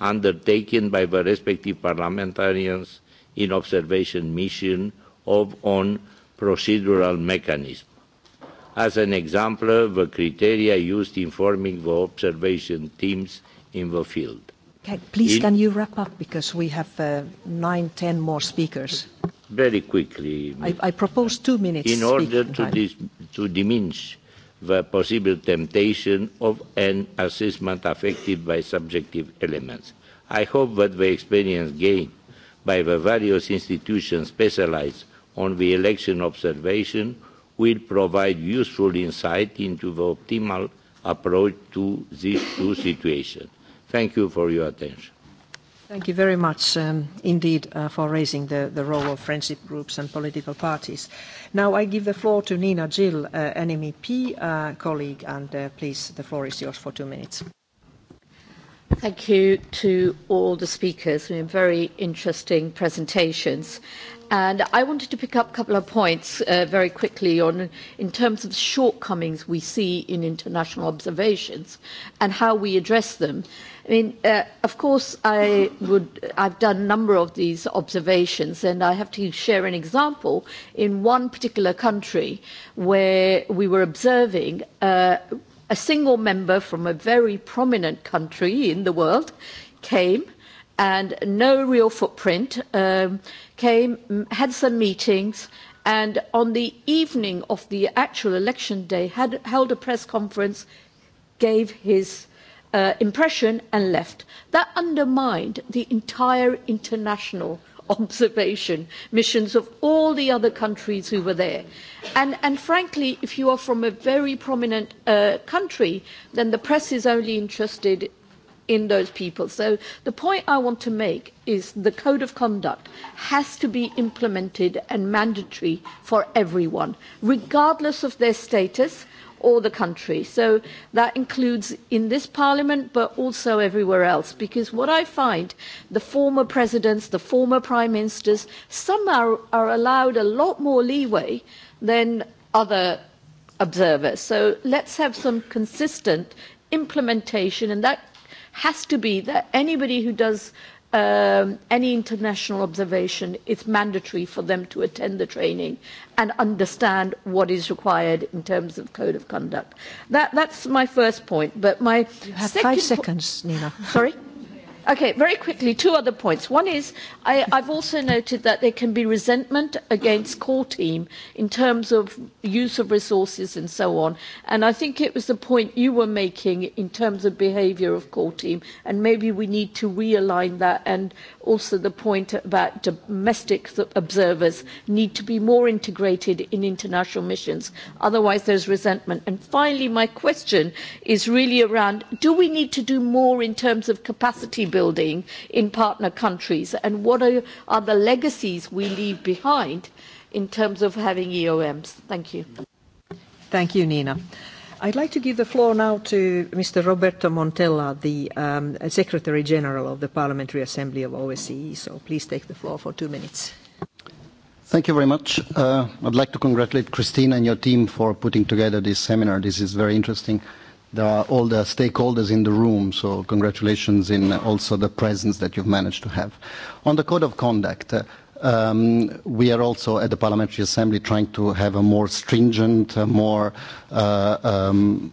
undertaken by the respective parliamentarians in observation mission of on procedural mechanism. As an example, the criteria used in forming the observation teams in the field. Okay, please, in, can you wrap up because we have uh, nine, ten more speakers very quickly. I, I propose two minutes. In order to, dis, to diminish the possible temptation of an assessment affected by subjective elements. I hope that the experience gained by the various institutions specialized on the election observation will provide useful insight into the optimal approach to these two situations. Thank you for your attention. Thank you very much um, indeed uh, for raising the, the role of friendship groups and political parties. Now I give the floor to Nina Gill, uh, an MEP uh, colleague, and uh, please the floor is yours for two minutes. Thank you to all the speakers. I mean, very interesting presentations. And I wanted to pick up a couple of points uh, very quickly on, in terms of the shortcomings we see in international observations and how we address them. I mean, uh, of course, I would, I've done a number of these observations, and I have to share an example in one particular country where we were observing uh, a single member from a very prominent country in the world came and no real footprint, um, came, had some meetings, and on the evening of the actual election day, had held a press conference, gave his uh, impression, and left. That undermined the entire international observation missions of all the other countries who were there. And, and frankly, if you are from a very prominent uh, country, then the press is only interested in those people. So the point I want to make is the code of conduct has to be implemented and mandatory for everyone, regardless of their status or the country. So that includes in this parliament, but also everywhere else. Because what I find, the former presidents, the former prime ministers, some are, are allowed a lot more leeway than other observers. So let's have some consistent implementation, and that has to be that anybody who does um, any international observation, it's mandatory for them to attend the training and understand what is required in terms of code of conduct. That, that's my first point. But my you have five seconds, Nina. Sorry. Okay, very quickly, two other points. One is I, I've also noted that there can be resentment against core team in terms of use of resources and so on. And I think it was the point you were making in terms of behaviour of core team, and maybe we need to realign that and also the point about domestic observers need to be more integrated in international missions. Otherwise, there is resentment. And finally, my question is really around do we need to do more in terms of capacity building in partner countries? And what are, are the legacies we leave behind in terms of having EOMs? Thank you. Thank you, Nina. I'd like to give the floor now to Mr. Roberto Montella, the um, Secretary General of the Parliamentary Assembly of OSCE. So please take the floor for two minutes. Thank you very much. Uh, I'd like to congratulate Christine and your team for putting together this seminar. This is very interesting. There are all the stakeholders in the room, so congratulations in also the presence that you've managed to have. On the code of conduct, uh, Um, we are also at the Parliamentary Assembly trying to have a more stringent, a more uh, um,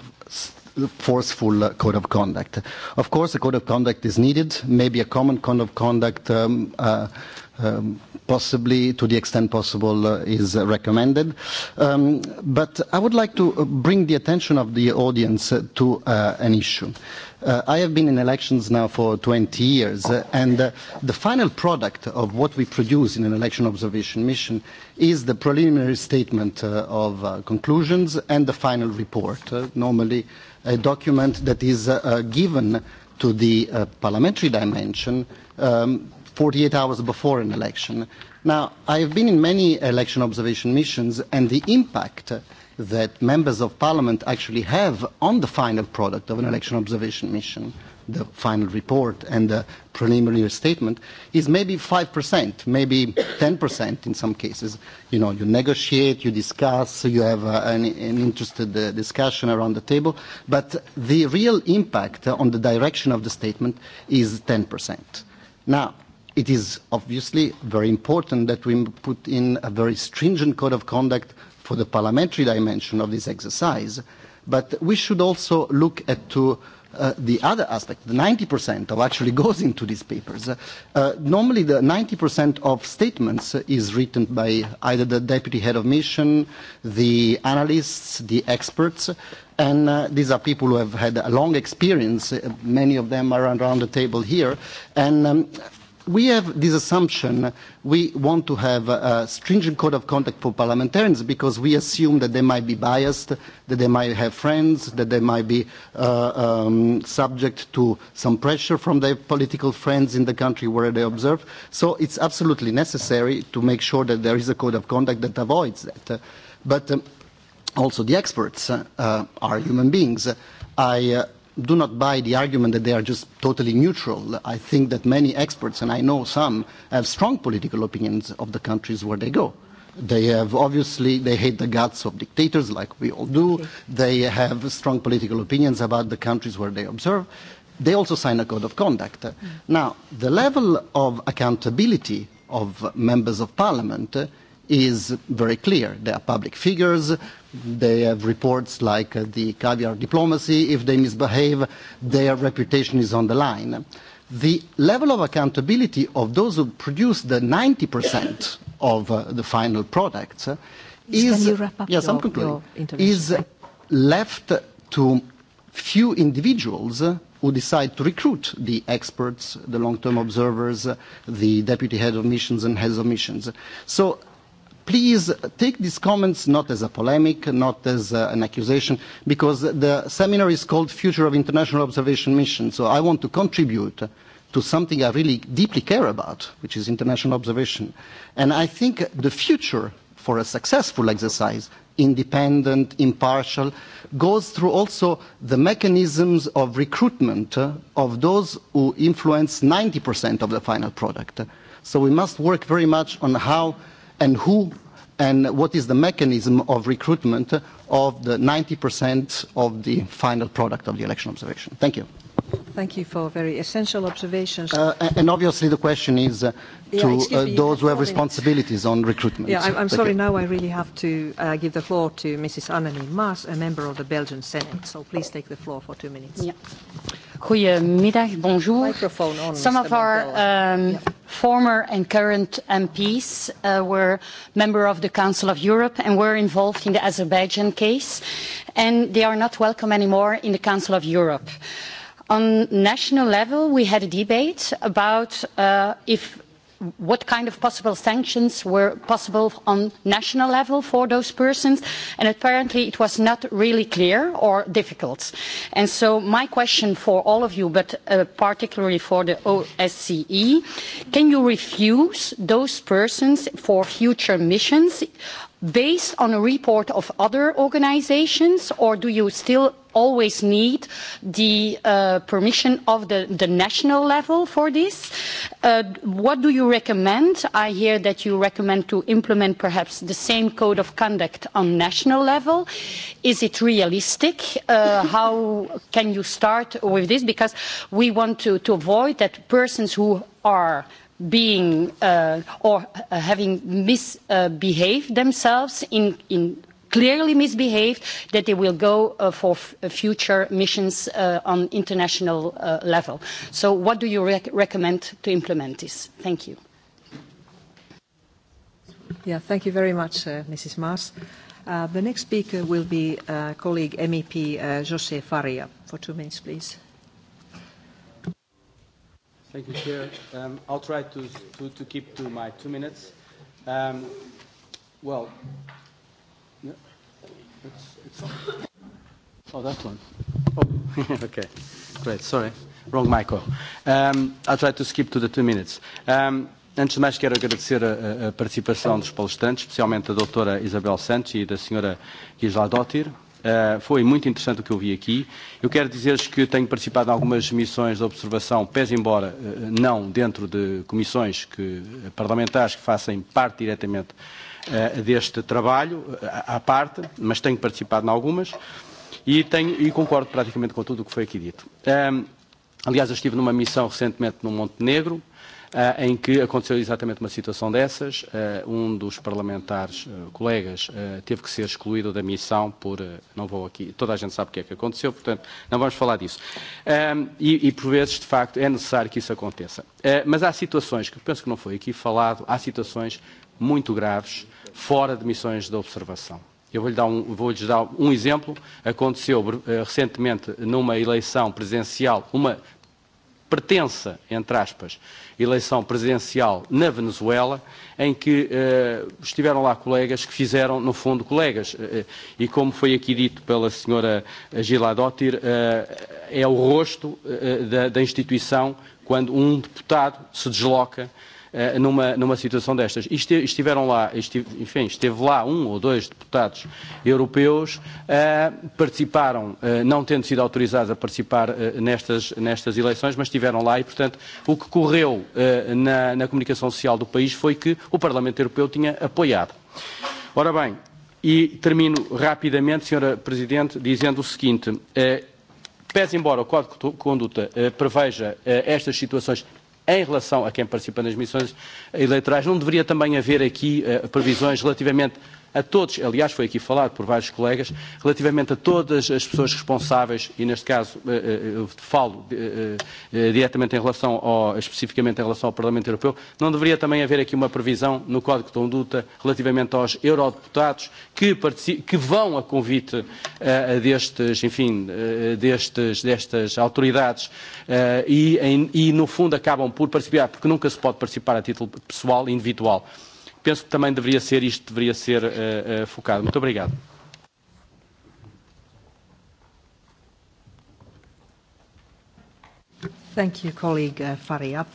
forceful code of conduct. Of course, a code of conduct is needed, maybe a common code of conduct um, uh, um, possibly to the extent possible uh, is uh recommended. Um, but I would like to uh, bring the attention of the audience uh, to uh, an issue. Uh, I have been in elections now for 20 years, uh, and uh, the final product of what we produce in an election observation mission is the preliminary statement uh, of uh, conclusions and the final report, uh, normally a document that is uh, uh given to the uh, parliamentary dimension um, 48 hours before an election. Now, I have been in many election observation missions, and the impact that members of parliament actually have on the final product of an election observation mission, the final report and the preliminary statement, is maybe 5%, maybe 10% in some cases. You know, you negotiate, you discuss, you have uh, an, an interested uh, discussion around the table, but the real impact on the direction of the statement is 10%. Now, It is obviously very important that we put in a very stringent code of conduct for the parliamentary dimension of this exercise, but we should also look at to uh, the other aspect, the 90% of actually goes into these papers. Uh, normally the 90% of statements is written by either the deputy head of mission, the analysts, the experts, and uh, these are people who have had a long experience. Uh, many of them are around the table here. And um, we have this assumption we want to have a stringent code of conduct for parliamentarians because we assume that they might be biased, that they might have friends, that they might be uh, um, subject to some pressure from their political friends in the country where they observe. So it's absolutely necessary to make sure that there is a code of conduct that avoids that. But um, also the experts uh, are human beings. I uh, do not buy the argument that they are just totally neutral. I think that many experts, and I know some, have strong political opinions of the countries where they go. They have obviously, they hate the guts of dictators like we all do. They have strong political opinions about the countries where they observe. They also sign a code of conduct. Mm. Now, the level of accountability of members of parliament is very clear. They are public figures they have reports like uh, the caviar diplomacy. If they misbehave, their reputation is on the line. The level of accountability of those who produce the 90% of uh, the final products uh, is, yes, your, is left to few individuals uh, who decide to recruit the experts, the long-term observers, uh, the deputy head of missions and heads of missions. So please take these comments not as a polemic, not as uh, an accusation, because the seminar is called Future of International Observation Mission. So I want to contribute to something I really deeply care about, which is international observation. And I think the future for a successful exercise, independent, impartial, goes through also the mechanisms of recruitment uh, of those who influence 90% of the final product. So we must work very much on how and who and what is the mechanism of recruitment of the 90% of the final product of the election observation. Thank you. Thank you for very essential observations. Uh, and obviously the question is uh, to yeah, uh, those who have responsibilities on recruitment. Yeah, I'm, I'm sorry, now I really have to uh, give the floor to Mrs. Anani Maas, a member of the Belgian Senate. So please take the floor for two minutes. Yeah. Goedemiddag, bonjour. Microphone on, Some Mr. of our um, yeah. former and current MPs uh, were member of the Council of Europe and were involved in the Azerbaijan case, and they are not welcome anymore in the Council of Europe. On national level, we had a debate about uh, if what kind of possible sanctions were possible on national level for those persons and apparently it was not really clear or difficult and so my question for all of you but uh, particularly for the OSCE can you refuse those persons for future missions based on a report of other organizations or do you still always need the uh, permission of the, the national level for this. Uh, what do you recommend? I hear that you recommend to implement perhaps the same code of conduct on national level. Is it realistic? Uh, how can you start with this? Because we want to, to avoid that persons who are being uh, or uh, having misbehaved uh, themselves in, in clearly misbehaved, that they will go uh, for uh, future missions uh, on international uh, level. So what do you rec recommend to implement this? Thank you. Yeah, thank you very much, uh, Mrs. Maas. Uh, the next speaker will be uh, colleague MEP uh, Jose Faria. For two minutes, please. Thank you, Chair. Um, I'll try to, to, to keep to my two minutes. Um, well, It's, it's oh, that one. Oh, okay. Great, sorry. Wrong Michael. Oh. Um, I'll try to skip to the two minutes. Um, Antes de mais, quero agradecer a, a participação dos palestrantes, especialmente a doutora Isabel Santos e da senhora Gisela Dottir. Uh, foi muito interessante o que eu vi aqui. Eu quero dizer-vos que tenho participado em algumas missões de observação, pese embora uh, não dentro de comissões que, uh, parlamentares que façam parte diretamente uh, Eh, deste trabalho, eh, à parte, mas tenho participado em algumas e, tenho, e concordo praticamente com tudo o que foi aqui dito. Um, aliás, eu estive numa missão recentemente no Montenegro, uh, eh, em que aconteceu exatamente uma situação dessas. Uh, um dos parlamentares, uh, colegas, uh, teve que ser excluído da missão por, uh, não vou aqui, toda a gente sabe o que é que aconteceu, portanto, não vamos falar disso. Um, e, e, por vezes, de facto, é necessário que isso aconteça. Uh, mas há situações, que penso que não foi aqui falado, há situações muito graves fora de missões de observação. Eu vou-lhe dar um, vou -lhes dar um exemplo. Aconteceu uh, recentemente numa eleição presidencial, uma pertença, entre aspas, eleição presidencial na Venezuela, em que uh, estiveram lá colegas que fizeram, no fundo, colegas. Uh, e como foi aqui dito pela senhora Giladótir, uh, é o rosto uh, da, da instituição quando um deputado se desloca uh, Eh, numa, numa situação destas. E estiveram lá, este, enfim, esteve lá um ou dois deputados europeus, uh, participaram, uh, não tendo sido autorizados a participar uh, nestas, nestas eleições, mas estiveram lá e, portanto, o que correu uh, na, na comunicação social do país foi que o Parlamento Europeu tinha apoiado. Ora bem, e termino rapidamente, Sra. Presidente, dizendo o seguinte. Uh, Pese embora o Código de Conduta eh, preveja eh, estas situações em relação a quem participa nas missões eleitorais, não deveria também haver aqui uh, previsões relativamente a todos, aliás, foi aqui falado por vários colegas, relativamente a todas as pessoas responsáveis, e neste caso eh, eh, eu falo eh, diretamente em relação ao, especificamente em relação ao Parlamento Europeu, não deveria também haver aqui uma previsão no Código de Conduta relativamente aos eurodeputados que, que vão a convite uh, destes, enfim, uh, destes, destas autoridades uh, e, em, e, no fundo, acabam por participar, porque nunca se pode participar a título pessoal, individual penso que também deveria ser isto, deveria ser uh, uh, focado. Muito obrigado. Thank you, colleague uh, Faria.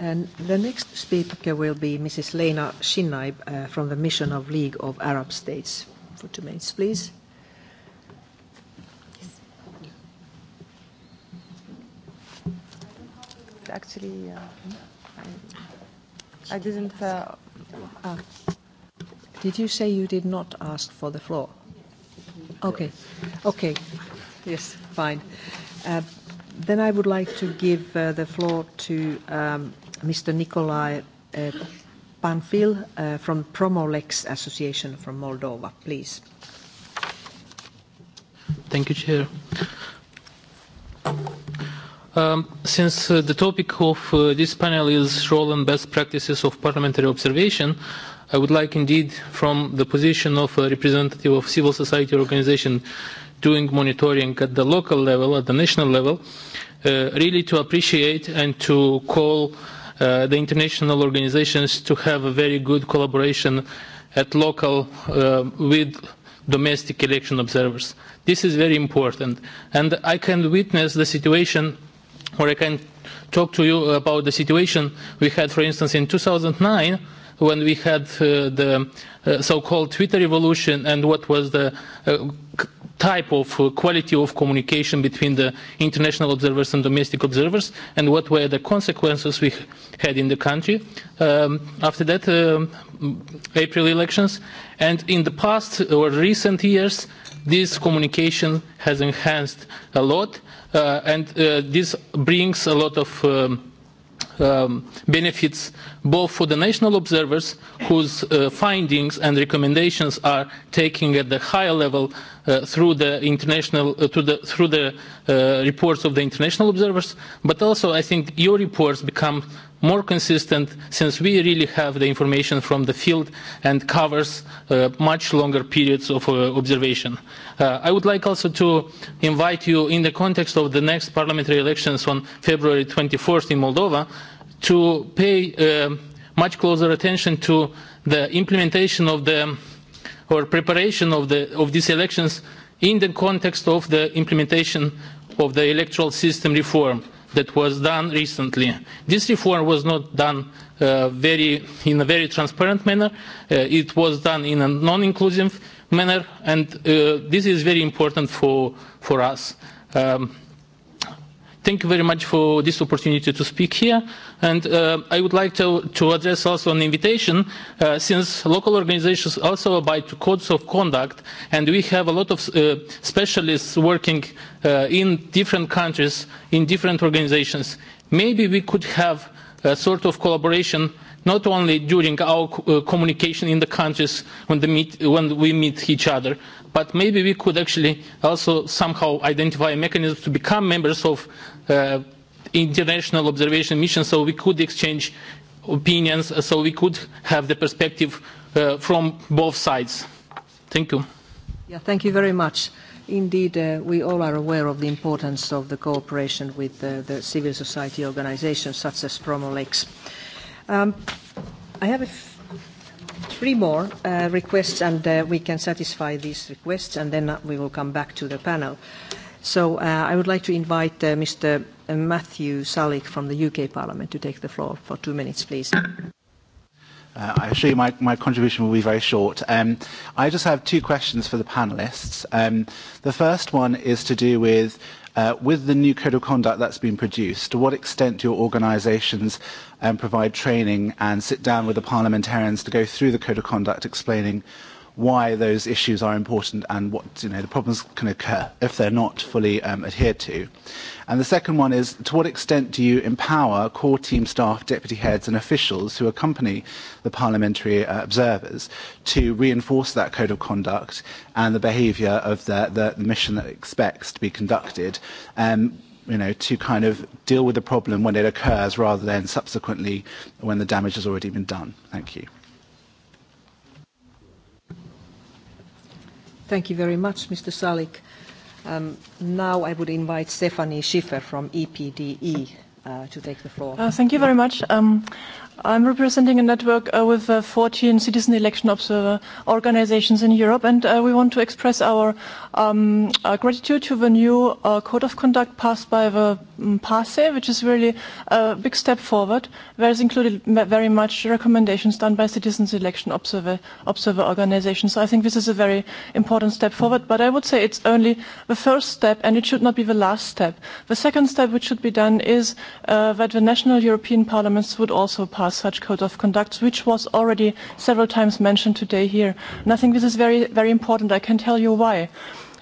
And the next speaker will be Mrs. Lena Shinnaib uh, from the Mission of League of Arab States. For two minutes, please. Actually, uh, I didn't. Uh, Ah. Did you say you did not ask for the floor? Okay. Okay. Yes, fine. Uh, then I would like to give uh, the floor to um, Mr. Nikolai uh, Panfil uh, from Promolex Association from Moldova, please. Thank you, Chair. Um, since uh, the topic of uh, this panel is role and best practices of parliamentary observation, I would like indeed from the position of a representative of civil society organization doing monitoring at the local level, at the national level, uh, really to appreciate and to call uh, the international organizations to have a very good collaboration at local uh, with domestic election observers. This is very important. And I can witness the situation or I can talk to you about the situation we had, for instance, in 2009 when we had uh, the uh, so-called Twitter revolution and what was the uh, type of uh, quality of communication between the international observers and domestic observers and what were the consequences we had in the country um, after that um, April elections and in the past or recent years this communication has enhanced a lot Uh, and uh, this brings a lot of um, um, benefits both for the national observers, whose uh, findings and recommendations are taken at the higher level uh, through the international uh, to the, through the uh, reports of the international observers, but also I think your reports become more consistent since we really have the information from the field and covers uh, much longer periods of uh, observation. Uh, I would like also to invite you in the context of the next parliamentary elections on February 24th in Moldova to pay uh, much closer attention to the implementation of the or preparation of, the, of these elections in the context of the implementation of the electoral system reform that was done recently. This reform was not done uh, very, in a very transparent manner. Uh, it was done in a non-inclusive manner, and uh, this is very important for, for us. Um, Thank you very much for this opportunity to speak here. And uh, I would like to, to address also an invitation, uh, since local organizations also abide to codes of conduct, and we have a lot of uh, specialists working uh, in different countries, in different organizations. Maybe we could have a sort of collaboration uh, not only during our uh, communication in the countries when, the meet, when we meet each other, but maybe we could actually also somehow identify a mechanism to become members of uh, international observation mission so we could exchange opinions, so we could have the perspective uh, from both sides. Thank you. Yeah, thank you very much. Indeed, uh, we all are aware of the importance of the cooperation with uh, the civil society organizations such as Promolex. Um, I have a f three more uh, requests, and uh, we can satisfy these requests, and then uh, we will come back to the panel. So uh, I would like to invite uh, Mr. Matthew Salik from the UK Parliament to take the floor for two minutes, please. Uh, I assure you my, my contribution will be very short. Um, I just have two questions for the panelists. Um, the first one is to do with Uh, with the new code of conduct that's been produced, to what extent do your organisations um, provide training and sit down with the parliamentarians to go through the code of conduct explaining why those issues are important and what you know the problems can occur if they're not fully um, adhered to. And the second one is to what extent do you empower core team staff, deputy heads and officials who accompany the parliamentary uh, observers to reinforce that code of conduct and the behaviour of the, the, the mission that expects to be conducted um, you know, to kind of deal with the problem when it occurs rather than subsequently when the damage has already been done. Thank you. Thank you very much, Mr. Salik. Um, now I would invite Stephanie Schiffer from EPDE e, uh, to take the floor. Uh, thank you very much. Um, I'm representing a network uh, with uh, 14 citizen election observer organizations in Europe, and uh, we want to express our um, uh, gratitude to the new uh, code of conduct passed by the um, mm, PASE, which is really a big step forward. where is included very much recommendations done by citizens election observer, observer organizations. So I think this is a very important step forward, but I would say it's only the first step, and it should not be the last step. The second step which should be done is uh, that the national European parliaments would also pass are such code of conduct which was already several times mentioned today here. And I think this is very, very important. I can tell you why.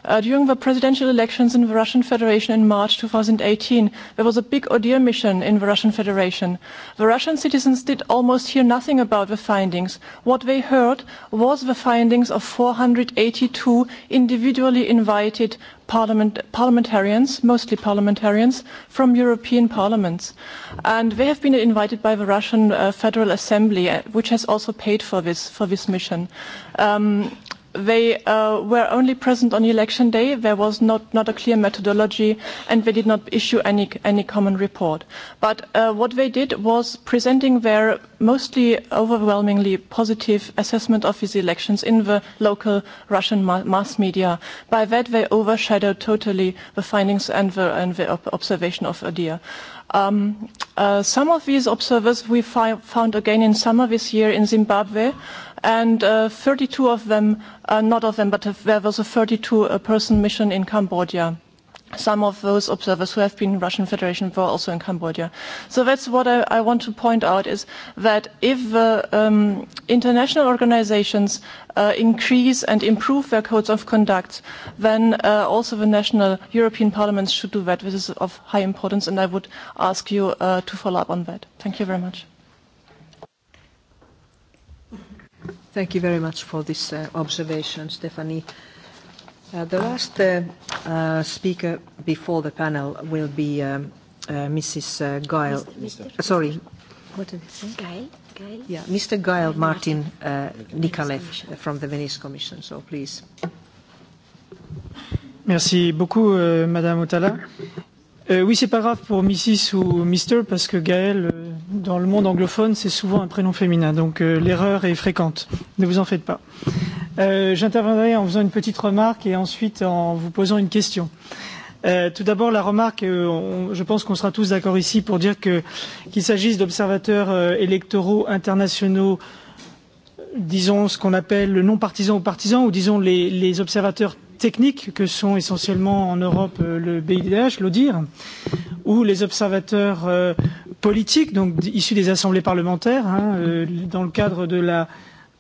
Uh, during the presidential elections in the Russian Federation in March 2018, there was a big ordeal mission in the Russian Federation. The Russian citizens did almost hear nothing about the findings. What they heard was the findings of 482 individually invited parliament, parliamentarians, mostly parliamentarians, from European parliaments. And they have been invited by the Russian uh, Federal Assembly, uh, which has also paid for this, for this mission. Um, they uh, were only present on election day. There was not, not a clear methodology, and they did not issue any, any common report. But uh, what they did was presenting their mostly overwhelmingly positive assessment of these elections in the local Russian ma mass media. By that, they overshadowed totally the findings and the, and the ob observation of ADIA. Um, uh, some of these observers we fi found again in summer this year in Zimbabwe and uh, 32 of them, uh, not of them, but there was a 32-person uh, mission in Cambodia. Some of those observers who have been in Russian Federation were also in Cambodia. So that's what I, I want to point out is that if uh, um, international organizations uh, increase and improve their codes of conduct, then uh, also the national European parliaments should do that. This is of high importance, and I would ask you uh, to follow up on that. Thank you very much. Thank you very much for this uh, observation, Stephanie. Uh, the last uh, uh, speaker before the panel will be um, uh, Mrs. Uh, Guile. Mr. Mr. Uh, sorry, what did you say? Guile. Yeah, Mr. Guile Martin uh, Nikalev uh, from the Venice Commission. So please. Merci beaucoup, uh, Madame Otala. Euh, oui, c'est pas grave pour Mrs. ou Mister parce que Gaël, euh, dans le monde anglophone, c'est souvent un prénom féminin, donc euh, l'erreur est fréquente. Ne vous en faites pas. Euh, J'interviendrai en faisant une petite remarque et ensuite en vous posant une question. Euh, tout d'abord, la remarque, euh, on, je pense qu'on sera tous d'accord ici pour dire que qu'il s'agisse d'observateurs euh, électoraux internationaux, disons ce qu'on appelle le non partisan ou partisan, ou disons les, les observateurs techniques que sont essentiellement en Europe euh, le BIDH, l'ODIR, ou les observateurs euh, politiques, donc issus des assemblées parlementaires, hein, euh, dans le cadre de la,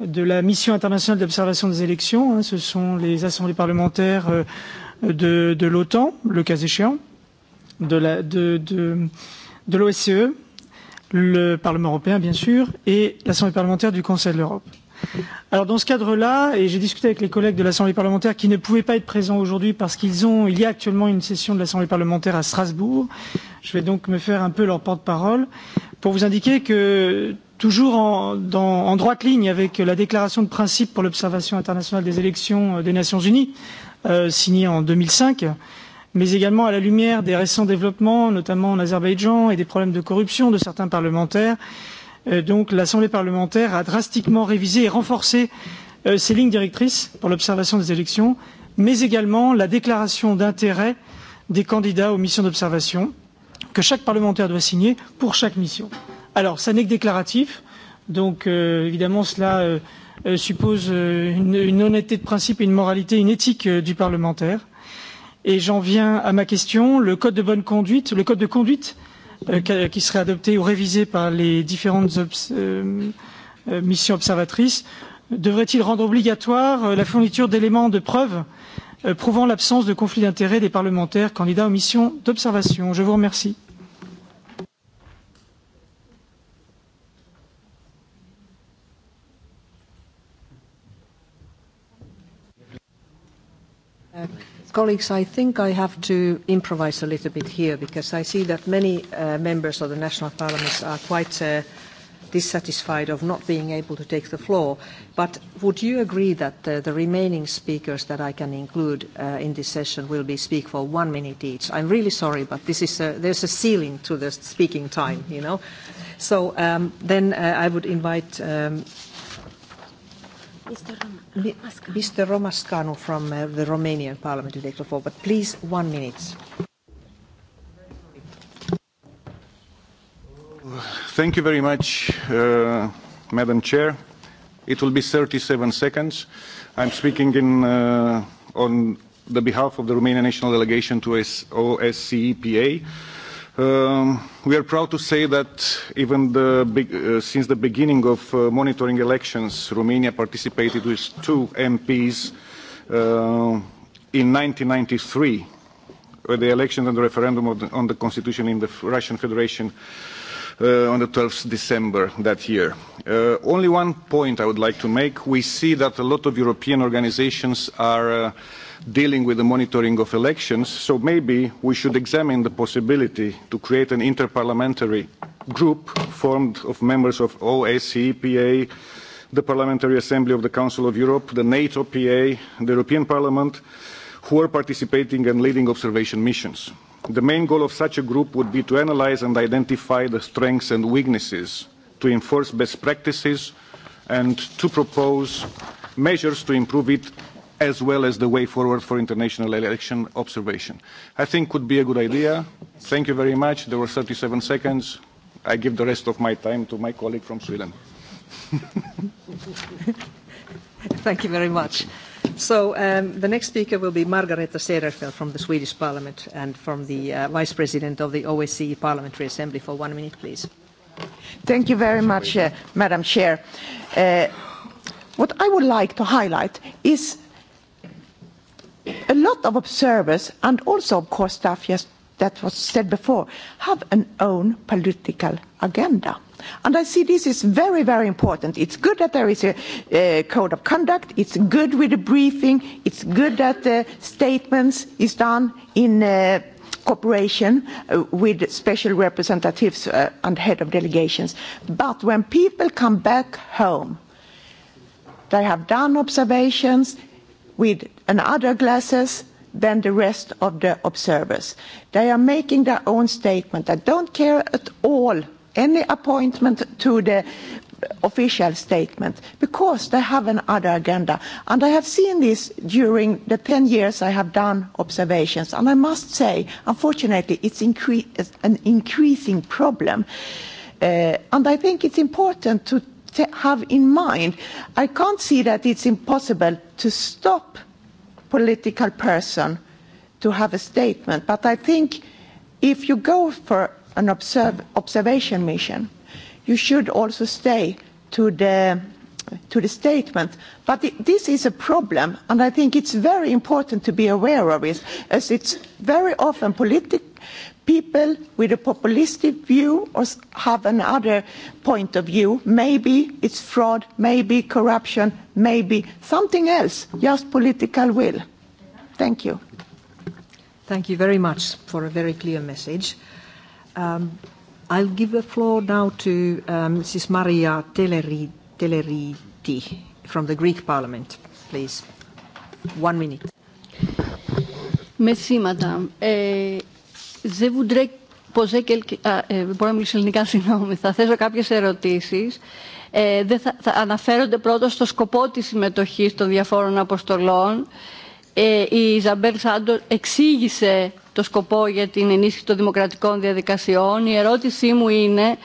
de la mission internationale d'observation des élections. Hein, ce sont les assemblées parlementaires euh, de, de l'OTAN, le cas échéant, de l'OSCE, de, de, de e, le Parlement européen, bien sûr, et l'Assemblée parlementaire du Conseil de l'Europe. Alors dans ce cadre-là, et j'ai discuté avec les collègues de l'Assemblée parlementaire qui ne pouvaient pas être présents aujourd'hui parce qu'ils ont, il y a actuellement une session de l'Assemblée parlementaire à Strasbourg. Je vais donc me faire un peu leur porte-parole pour vous indiquer que toujours en, dans, en droite ligne avec la déclaration de principe pour l'observation internationale des élections euh, des Nations Unies, euh, signée en 2005, mais également à la lumière des récents développements, notamment en Azerbaïdjan, et des problèmes de corruption de certains parlementaires, Euh, donc l'Assemblée parlementaire a drastiquement révisé et renforcé euh, ses lignes directrices pour l'observation des élections, mais également la déclaration d'intérêt des candidats aux missions d'observation que chaque parlementaire doit signer pour chaque mission. Alors, ça n'est que déclaratif, donc euh, évidemment cela euh, euh suppose euh, une, une honnêteté de principe et une moralité, une éthique euh, du parlementaire. Et j'en viens à ma question. Le code de bonne conduite, le code de conduite Euh, qui euh, serait adopté ou révisé par les différentes obs euh, euh missions observatrices, devrait-il rendre obligatoire la fourniture d'éléments de preuve prouvant l'absence de conflit d'intérêts des parlementaires candidats aux missions d'observation Je vous remercie. colleagues, I think I have to improvise a little bit here because I see that many uh, members of the national parliaments are quite uh, dissatisfied of not being able to take the floor. But would you agree that uh, the remaining speakers that I can include uh, in this session will be speak for one minute each? I'm really sorry, but this is a, there's a ceiling to the speaking time, you know. So um, then uh, I would invite. Um, Mr. Roman. Mr. Romascanu from uh, the Romanian Parliament will take the but please, one minute. Thank you very much, uh, Madam Chair. It will be 37 seconds. I'm speaking in, uh, on the behalf of the Romanian National Delegation to OSCEPA. Um, we are proud to say that even the big, uh, since the beginning of uh, monitoring elections, Romania participated with two MPs uh, in 1993, with the election and the referendum of the, on the constitution in the Russian Federation uh, on the 12th December that year. Uh, only one point I would like to make. We see that a lot of European organizations are uh, dealing with the monitoring of elections, so maybe we should examine the possibility to create an interparliamentary group formed of members of OSCE, PA, the Parliamentary Assembly of the Council of Europe, the NATO PA, the European Parliament, who are participating and leading observation missions. The main goal of such a group would be to analyse and identify the strengths and weaknesses, to enforce best practices, and to propose measures to improve it as well as the way forward for international election observation. I think could be a good idea. Thank you very much. There were 37 seconds. I give the rest of my time to my colleague from Sweden. Thank you very much. So um, the next speaker will be Margareta Sederfeld from the Swedish Parliament and from the uh, Vice President of the OSCE Parliamentary Assembly for one minute, please. Thank you very much, uh, Madam Chair. Uh, what I would like to highlight is a lot of observers and also of course staff yes that was said before have an own political agenda and i see this is very very important it's good that there is a uh, code of conduct it's good with the briefing it's good that the statements is done in uh, cooperation uh, with special representatives uh, and head of delegations but when people come back home they have done observations with and other glasses than the rest of the observers. They are making their own statement. I don't care at all any appointment to the official statement because they have an other agenda. And I have seen this during the 10 years I have done observations. And I must say, unfortunately, it's, incre it's an increasing problem. Uh, and I think it's important to have in mind, I can't see that it's impossible to stop political person to have a statement. But I think if you go for an observe, observation mission, you should also stay to the, to the statement. But it, this is a problem, and I think it's very important to be aware of it, as it's very often politi people with a populistic view or have another point of view. Maybe it's fraud, maybe corruption, maybe something else, just political will. Thank you. Thank you very much for a very clear message. Um, I'll give the floor now to um, uh, Mrs. Maria Teleri, Teleriti from the Greek Parliament, please. One minute. Merci, Madame. Uh, δεν voudrais poser quelques... μπορώ να μιλήσω ελληνικά, συγγνώμη. Θα θέσω κάποιες ερωτήσεις. Ε, δε θα, θα αναφέρονται πρώτα στο σκοπό της συμμετοχής των διαφόρων αποστολών. Ε, η Ιζαμπέλ Σάντο εξήγησε το σκοπό για την ενίσχυση των δημοκρατικών διαδικασιών. Η ερώτησή μου είναι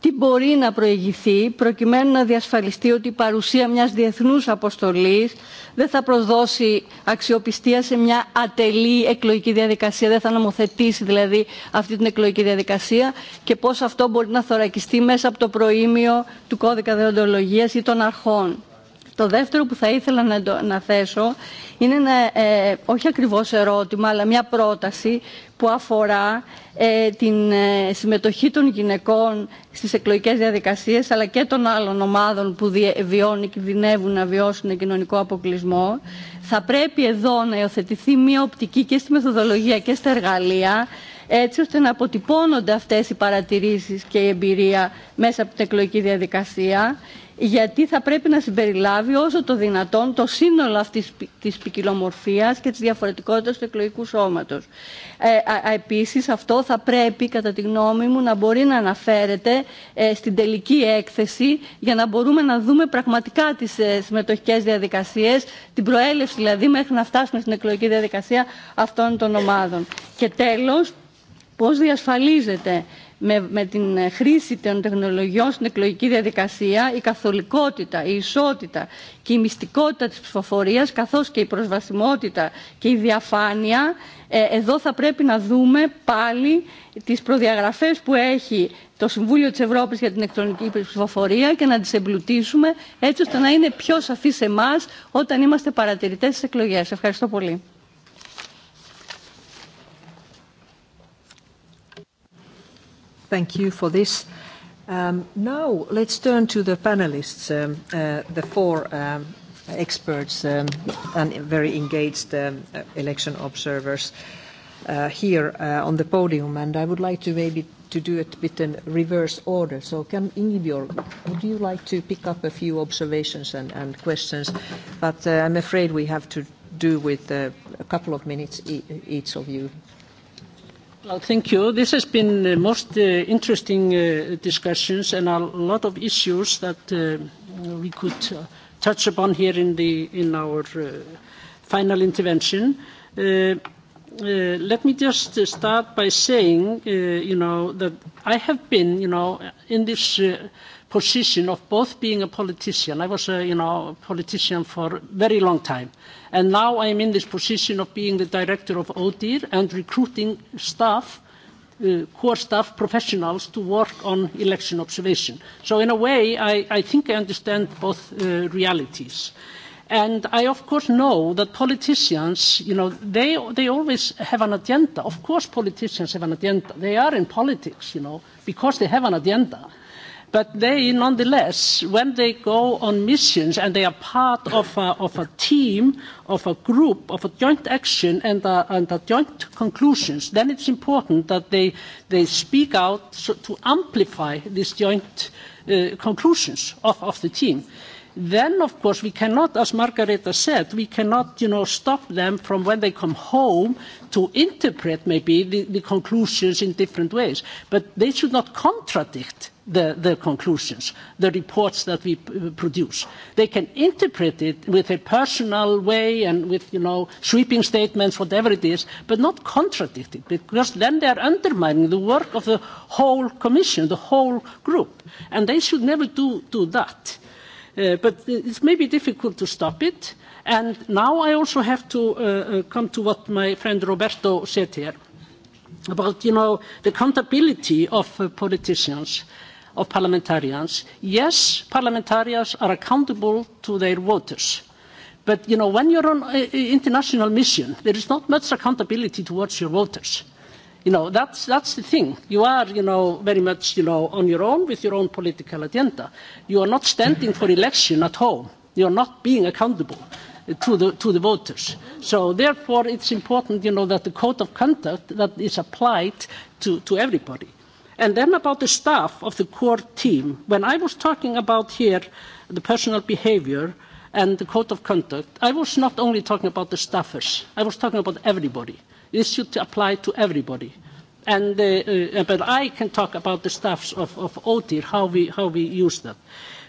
τι μπορεί να προηγηθεί προκειμένου να διασφαλιστεί ότι η παρουσία μιας διεθνούς αποστολής δεν θα προδώσει αξιοπιστία σε μια ατελή εκλογική διαδικασία, δεν θα νομοθετήσει δηλαδή αυτή την εκλογική διαδικασία και πώς αυτό μπορεί να θωρακιστεί μέσα από το προήμιο του κώδικα δεοντολογίας ή των αρχών. Το δεύτερο που θα ήθελα να, το, να θέσω είναι ένα, ε, όχι ακριβώς ερώτημα, αλλά μια πρόταση που αφορά ε, την ε, συμμετοχή των γυναικών στις εκλογικές διαδικασίες, αλλά και των άλλων ομάδων που βιώνουν και κινδυνεύουν να βιώσουν κοινωνικό αποκλεισμό. Θα πρέπει εδώ να υιοθετηθεί μια οπτική και στη μεθοδολογία και στα εργαλεία, έτσι ώστε να αποτυπώνονται αυτές οι παρατηρήσεις και η εμπειρία μέσα από την εκλογική διαδικασία γιατί θα πρέπει να συμπεριλάβει όσο το δυνατόν το σύνολο αυτής της ποικιλομορφία και της διαφορετικότητας του εκλογικού σώματος. Ε, επίσης αυτό θα πρέπει κατά τη γνώμη μου να μπορεί να αναφέρεται ε, στην τελική έκθεση για να μπορούμε να δούμε πραγματικά τις ε, συμμετοχικές διαδικασίες, την προέλευση δηλαδή μέχρι να φτάσουμε στην εκλογική διαδικασία αυτών των ομάδων. Και τέλος, πώς διασφαλίζεται με, με την χρήση των τεχνολογιών στην εκλογική διαδικασία η καθολικότητα, η ισότητα και η μυστικότητα της ψηφοφορίας καθώς και η προσβασιμότητα και η διαφάνεια ε, εδώ θα πρέπει να δούμε πάλι τις προδιαγραφές που έχει το Συμβούλιο της Ευρώπης για την ηλεκτρονική ψηφοφορία και να τις εμπλουτίσουμε έτσι ώστε να είναι πιο σαφή σε εμά όταν είμαστε παρατηρητές στις εκλογές. Ευχαριστώ πολύ. Thank you for this. Um, now let's turn to the panelists, um, uh, the four um, experts um, and very engaged um, uh, election observers uh, here uh, on the podium. And I would like to maybe to do it a bit in reverse order. So can Ingibjörg, would you like to pick up a few observations and, and questions? But uh, I'm afraid we have to do with uh, a couple of minutes e each of you Well, thank you. This has been the most uh, interesting uh, discussions and a lot of issues that uh, we could uh, touch upon here in, the, in our uh, final intervention. Uh, uh, let me just uh, start by saying, uh, you know, that I have been, you know, in this uh, position of both being a politician. I was a you know, politician for a very long time. And now I'm in this position of being the director of ODIR and recruiting staff, uh, core staff professionals to work on election observation. So in a way, I, I think I understand both uh, realities. And I, of course, know that politicians, you know, they, they always have an agenda. Of course, politicians have an agenda. They are in politics, you know, because they have an agenda But they, nonetheless, when they go on missions and they are part of a, of a team, of a group, of a joint action and a, and a joint conclusions, then it's important that they, they speak out so to amplify these joint uh, conclusions of, of the team. Then, of course, we cannot, as Margareta said, we cannot, you know, stop them from when they come home to interpret maybe the, the conclusions in different ways. But they should not contradict the, the conclusions, the reports that we uh, produce. They can interpret it with a personal way and with, you know, sweeping statements, whatever it is, but not contradict it, because then they are undermining the work of the whole commission, the whole group, and they should never do, do that. Uh, but it's maybe difficult to stop it, and now I also have to uh, uh, come to what my friend Roberto said here about, you know, the accountability of uh, politicians. Uh, of parliamentarians. Yes, parliamentarians are accountable to their voters. But, you know, when you're on an international mission, there is not much accountability towards your voters. You know, that's, that's the thing. You are, you know, very much, you know, on your own with your own political agenda. You are not standing for election at home. You are not being accountable uh, to the, to the voters. So therefore, it's important, you know, that the code of conduct that is applied to, to everybody. And then about the staff of the core team. When I was talking about here the personal behavior and the code of conduct, I was not only talking about the staffers. I was talking about everybody. This should apply to everybody. And, uh, uh, but I can talk about the staffs of, of OTIR, how we, how we use that.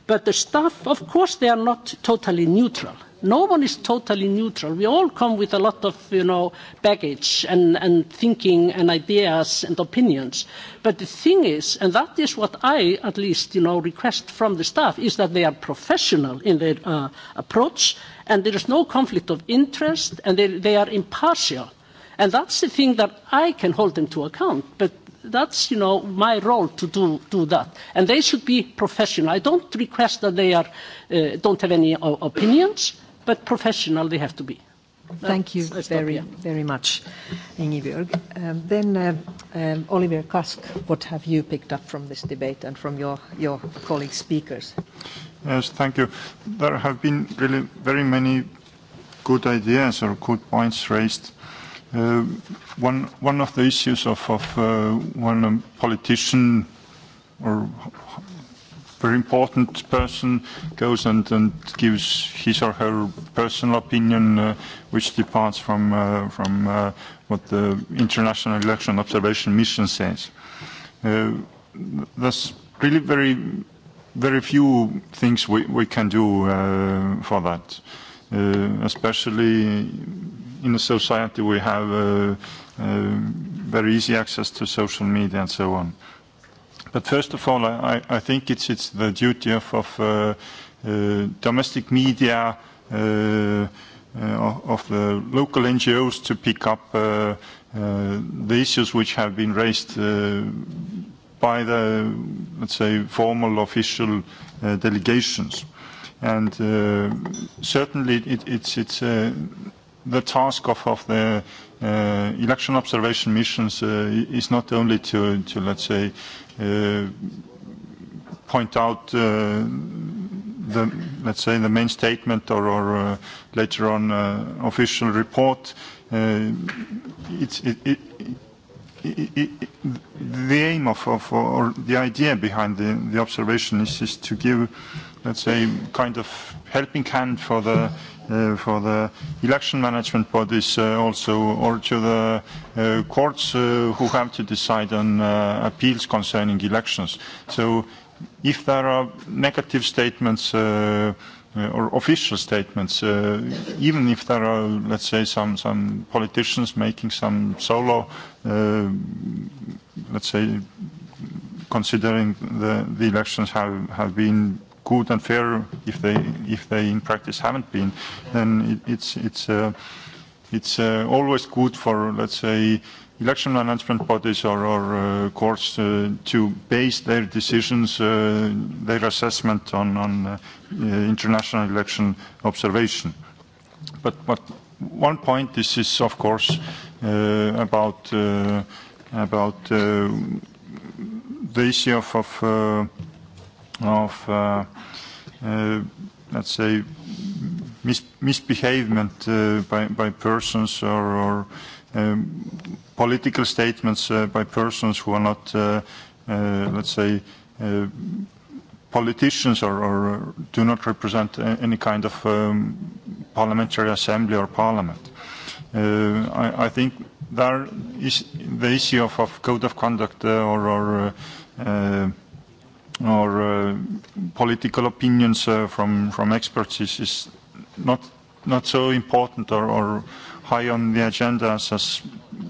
But the staff, of course, they are not totally neutral no one is totally neutral. We all come with a lot of, you know, baggage and, and thinking and ideas and opinions. But the thing is, and that is what I at least, you know, request from the staff, is that they are professional in their uh, approach and there is no conflict of interest and they, they are impartial. And that's the thing that I can hold them to account. But that's, you know, my role to do, do that. And they should be professional. I don't request that they are, uh, don't have any uh, opinions but professional they have to be. Thank you very, very much, Ingeborg. Um, then, uh, um, Oliver Kask, what have you picked up from this debate and from your, your colleague speakers? Yes, thank you. There have been really very many good ideas or good points raised. Uh, one, one of the issues of, of uh, when a um, politician or very important person goes and, and gives his or her personal opinion uh, which departs from, uh, from uh, what the International Election Observation Mission says. Uh, there's really very, very few things we, we can do uh, for that, uh, especially in a society we have uh, uh, very easy access to social media and so on. But first of all, I, I think it's, it's the duty of, of uh, uh, domestic media, uh, uh, of the local NGOs to pick up uh, uh, the issues which have been raised uh, by the, let's say, formal official uh, delegations. And uh, certainly it, it's, it's uh, the task of, of the uh, election observation missions uh, is not only to, to let's say, uh, point out uh, the, let's say, the main statement or, or uh, later on uh, official report. Uh, it's, it, it, it, it, the aim of, of or the idea behind the, the observation is, is to give, let's say, kind of helping hand for the uh, for the election management bodies uh, also or to the uh, courts uh, who have to decide on uh, appeals concerning elections. So if there are negative statements uh, uh or official statements, uh, even if there are, let's say, some, some politicians making some solo, uh, let's say, considering the, the elections have, have been good and fair if they if they in practice haven't been then it, it's it's uh, it's uh, always good for let's say election management bodies or, or uh, courts uh, to base their decisions uh, their assessment on on uh, uh, international election observation but but one point this is of course uh, about uh, about uh, the issue of, of uh, of, uh, uh, let's say, mis misbehavement uh, by, by persons or, or um, political statements uh, by persons who are not, uh, uh, let's say, uh, politicians or, or uh, do not represent any kind of um, parliamentary assembly or parliament. Uh, I, I think there is the issue of, of code of conduct uh, or, or uh, uh, or uh, political opinions uh, from, from experts is, is not, not so important or, or high on the agenda as, as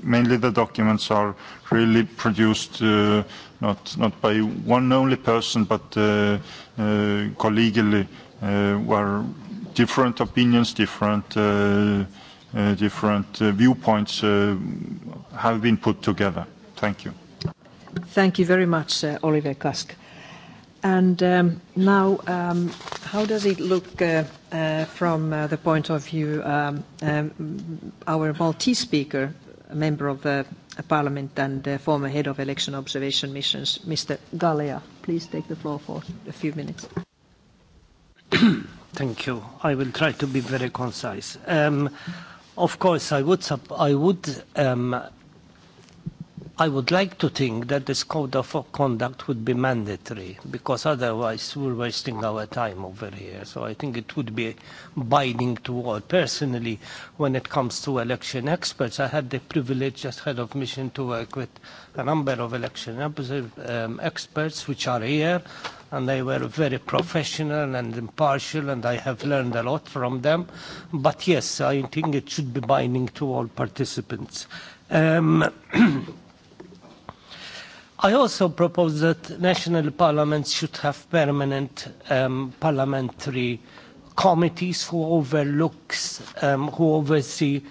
mainly the documents are really produced uh, not, not by one only person but uh, uh, collegially uh, where different opinions, different, uh, uh, different uh, viewpoints uh, have been put together. Thank you. Thank you very much, uh, Oliver Kask. And um, now, um, how does it look uh, uh, from uh, the point of view um, um, our Maltese speaker, a member of the uh, Parliament and uh, former head of election observation missions, Mr. Galea? Please take the floor for a few minutes. Thank you. I will try to be very concise. Um, of course, I would, sub I would um, I would like to think that this code of conduct would be mandatory because otherwise we're wasting our time over here. So I think it would be binding to all. Personally, when it comes to election experts, I had the privilege as head of mission to work with a number of election um, experts which are here and they were very professional and impartial and I have learned a lot from them. But yes, I think it should be binding to all participants. Um, I also propose that national parliaments should have permanent um, parliamentary committees who overlooks, um, who oversee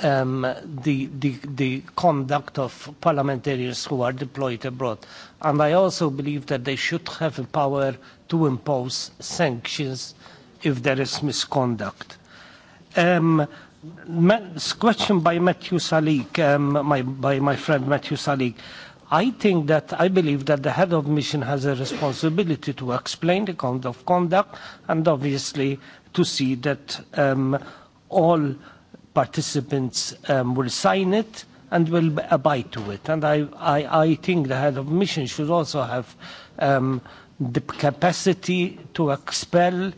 um, the, the, the conduct of parliamentarians who are deployed abroad. And I also believe that they should have the power to impose sanctions if there is misconduct. Um, question by Matthew Salik, um, my, by my friend Matthew Salik. I think that I believe that the head of mission has a responsibility to explain the code of conduct and obviously to see that um, all participants um, will sign it and will abide to it. And I, I, I think the head of mission should also have um, the capacity to expel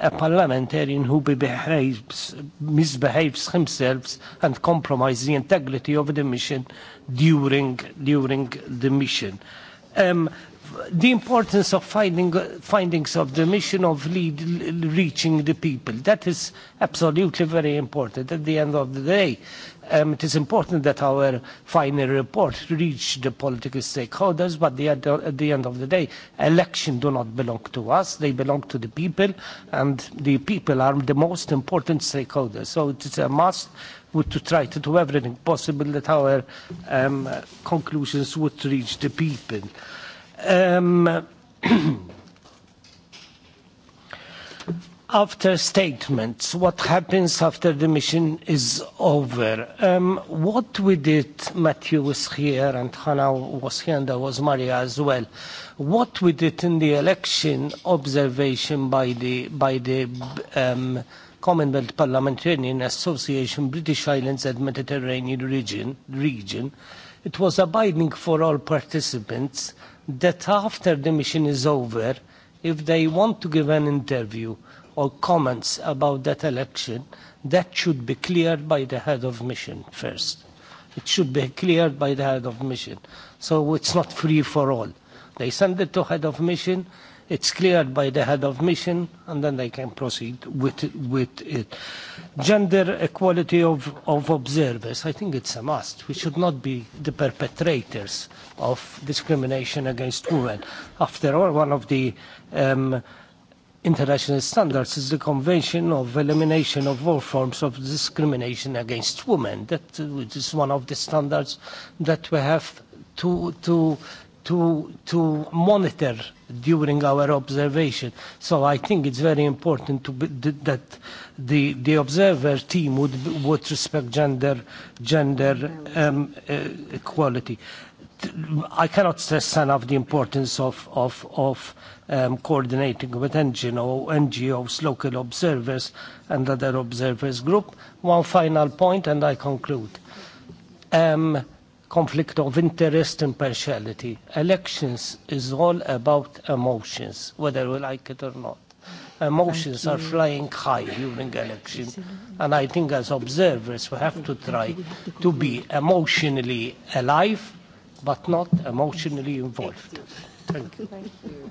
a parliamentarian who behaves, misbehaves himself and compromises the integrity of the mission during, during the mission. Um, the importance of finding, uh, findings of the mission of lead, reaching the people. That is absolutely very important. At the end of the day, um, it is important that our final report reach the political stakeholders, but the, at the end of the day, elections do not belong to us. They belong to the people, and the people are the most important stakeholders. So it is a must would to try to do everything possible that our um, conclusions would reach the people. Um, after statements, what happens after the mission is over? Um, what we did, Matthew was here and Hannah was here and there was Maria as well. What we did in the election observation by the, by the um, Commonwealth Parliamentarian Association, British Islands and Mediterranean region, region, it was abiding for all participants that after the mission is over, if they want to give an interview or comments about that election, that should be cleared by the head of mission first. It should be cleared by the head of mission. So it's not free for all. They send it to head of mission, It's cleared by the head of mission, and then they can proceed with, with it. Gender equality of, of observers, I think it's a must. We should not be the perpetrators of discrimination against women. After all, one of the um, international standards is the Convention of Elimination of All Forms of Discrimination Against Women. That uh, is one of the standards that we have to, to to, to monitor during our observation. So I think it's very important to be, that the, the observer team would, would respect gender, gender um, uh, equality. I cannot stress enough the importance of, of, of um, coordinating with NGO, NGOs, local observers and other observers group. One final point and I conclude. Um, conflict of interest and partiality. Elections is all about emotions, whether we like it or not. Emotions are flying high during election, and I think as observers we have to try to be emotionally alive, but not emotionally involved. Thank you. Thank you.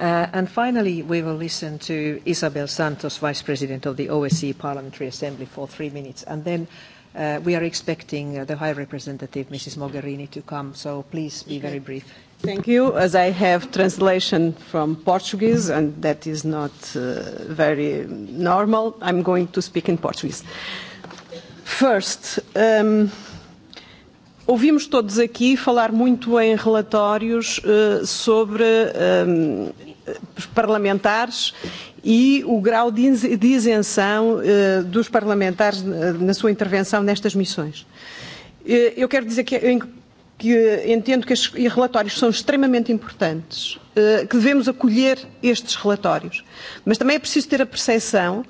Uh, and finally, we will listen to Isabel Santos, Vice President of the OSCE Parliamentary Assembly, for three minutes, and then Uh, we are expecting uh, the High Representative, Mrs. Mogherini, to come, so please be very brief. Thank you. As I have translation from Portuguese, and that is not uh, very normal, I'm going to speak in Portuguese. First, um, ouvimos todos aqui falar muito em relatórios uh, sobre um, parlamentares e o grau de, de isenção uh, dos parlamentares eh, na sua intervenção nestas missões. Uh, eu quero dizer que, que entendo que estes relatórios são extremamente importantes, uh, que devemos acolher estes relatórios, mas também é preciso ter a percepção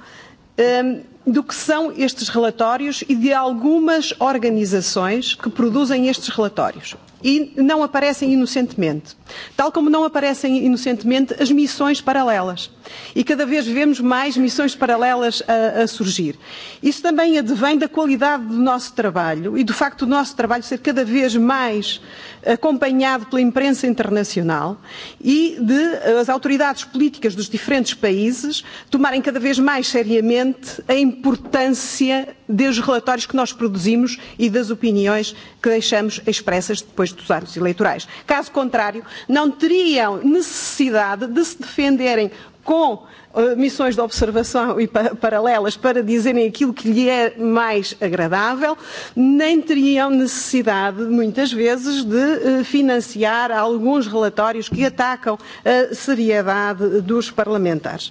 um, do que são estes relatórios e de algumas organizações que produzem estes relatórios e não aparecem inocentemente. Tal como não aparecem inocentemente as missões paralelas. E cada vez vemos mais missões paralelas a, a surgir. Isso também advém da qualidade do nosso trabalho e do facto do nosso trabalho ser cada vez mais acompanhado pela imprensa internacional e de as autoridades políticas dos diferentes países tomarem cada vez mais seriamente a importância dos relatórios que nós produzimos e das opiniões que deixamos expressas depois dos anos eleitorais. Caso contrário, não teriam necessidade de se defenderem com uh, missões de observação e pa paralelas para dizerem aquilo que lhe é mais agradável, nem teriam necessidade, muitas vezes, de uh, financiar alguns relatórios que atacam a seriedade dos parlamentares.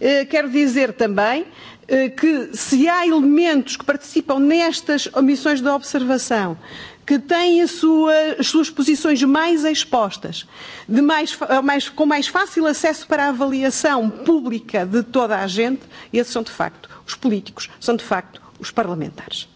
Uh, quero dizer também que se há elementos que participam nestas missões de observação que têm sua, as suas posições mais expostas, de mais, eh, mais, com mais fácil acesso para a avaliação pública de toda a gente, esses são de facto os políticos, são de facto os parlamentares.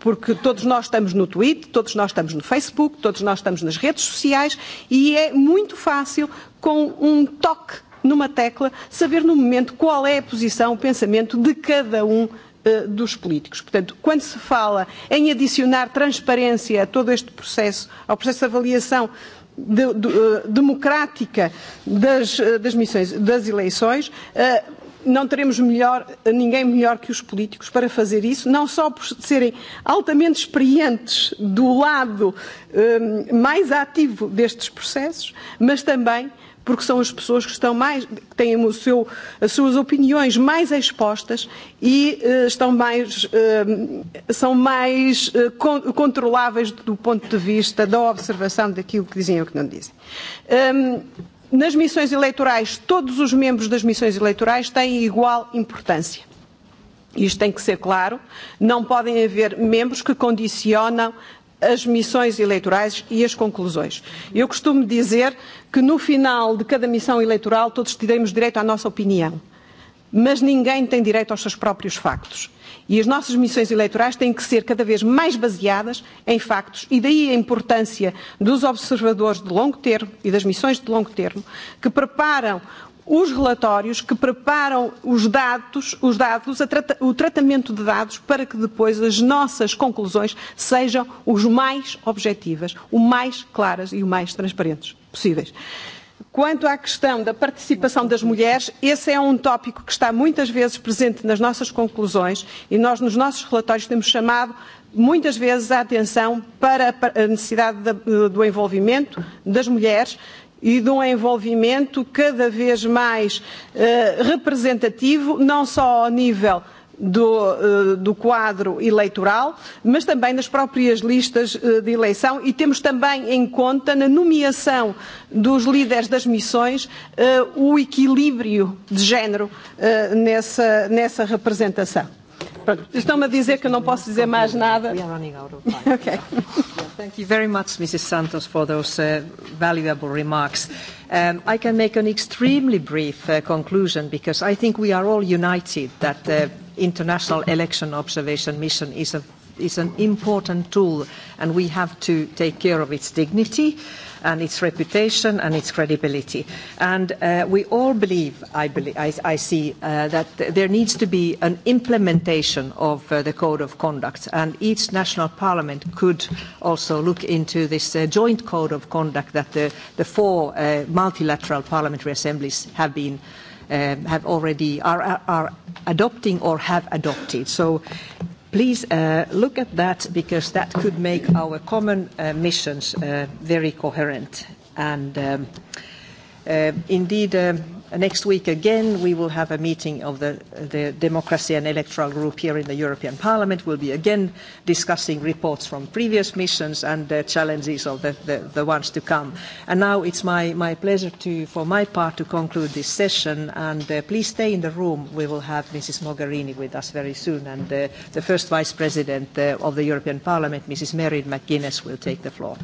Porque todos nós estamos no Twitter, todos nós estamos no Facebook, todos nós estamos nas redes sociais e é muito fácil, com um toque numa tecla, saber no momento qual é a posição, o pensamento de cada um Eh, dos políticos. Portanto, quando se fala em adicionar transparência a todo este processo, ao processo de avaliação de, de, uh, democrática das, uh, das, missões, das eleições, uh, não teremos melhor, ninguém melhor que os políticos para fazer isso, não só por serem altamente experientes do lado um, mais ativo destes processos, mas também uh, porque são as pessoas que estão mais, que têm o seu, as suas opiniões mais expostas e uh, estão mais, uh, são mais uh, con controláveis do ponto de vista da observação daquilo que dizem e ou que não dizem. Um, nas missões eleitorais, todos os membros das missões eleitorais têm igual importância. Isto tem que ser claro. Não podem haver membros que condicionam as missões eleitorais e as conclusões. Eu costumo dizer que no final de cada missão eleitoral todos teremos direito à nossa opinião, mas ninguém tem direito aos seus próprios factos. E as nossas missões eleitorais têm que ser cada vez mais baseadas em factos, e daí a importância dos observadores de longo termo e das missões de longo termo, que preparam os relatórios que preparam os dados, os dados trata, o tratamento de dados para que depois as nossas conclusões sejam os mais objetivas, o mais claras e o mais transparentes possíveis. Quanto à questão da participação das mulheres, esse é um tópico que está muitas vezes presente nas nossas conclusões e nós, nos nossos relatórios, temos chamado muitas vezes a atenção para a necessidade do envolvimento das mulheres e de um envolvimento cada vez mais uh, representativo, não só ao nível do, eh, do quadro eleitoral, mas também nas próprias listas eh, de eleição e temos também em conta, na nomeação dos líderes das missões, o equilíbrio de género nessa, nessa representação. Estão-me a dizer que eu não posso dizer mais nada. We are running out of time. okay. yeah, thank you very much, Mrs. Santos, for those uh, valuable remarks. Um, I can make an extremely brief uh, conclusion because I think we are all united that the uh, International Election Observation Mission is, a, is an important tool and we have to take care of its dignity. Uh, and its reputation and its credibility. And uh, we all believe, I, believe, I, I see, uh, that there needs to be an implementation of uh, the code of conduct. And each national parliament could also look into this uh, joint code of conduct that the, the four uh, multilateral parliamentary assemblies have been um, have already are, are adopting or have adopted. So please uh, look at that because that could make our common uh, missions uh, very coherent. And um, uh, indeed, uh Uh, next week again we will have a meeting of the, the Democracy and Electoral Group here in the European Parliament. We'll be again discussing reports from previous missions and the challenges of the, the, the ones to come. And now it's my, my pleasure to, for my part to conclude this session and uh, please stay in the room. We will have Mrs. Mogherini with us very soon and uh, the first Vice President uh, of the European Parliament, Mrs. Merid McGuinness, will take the floor.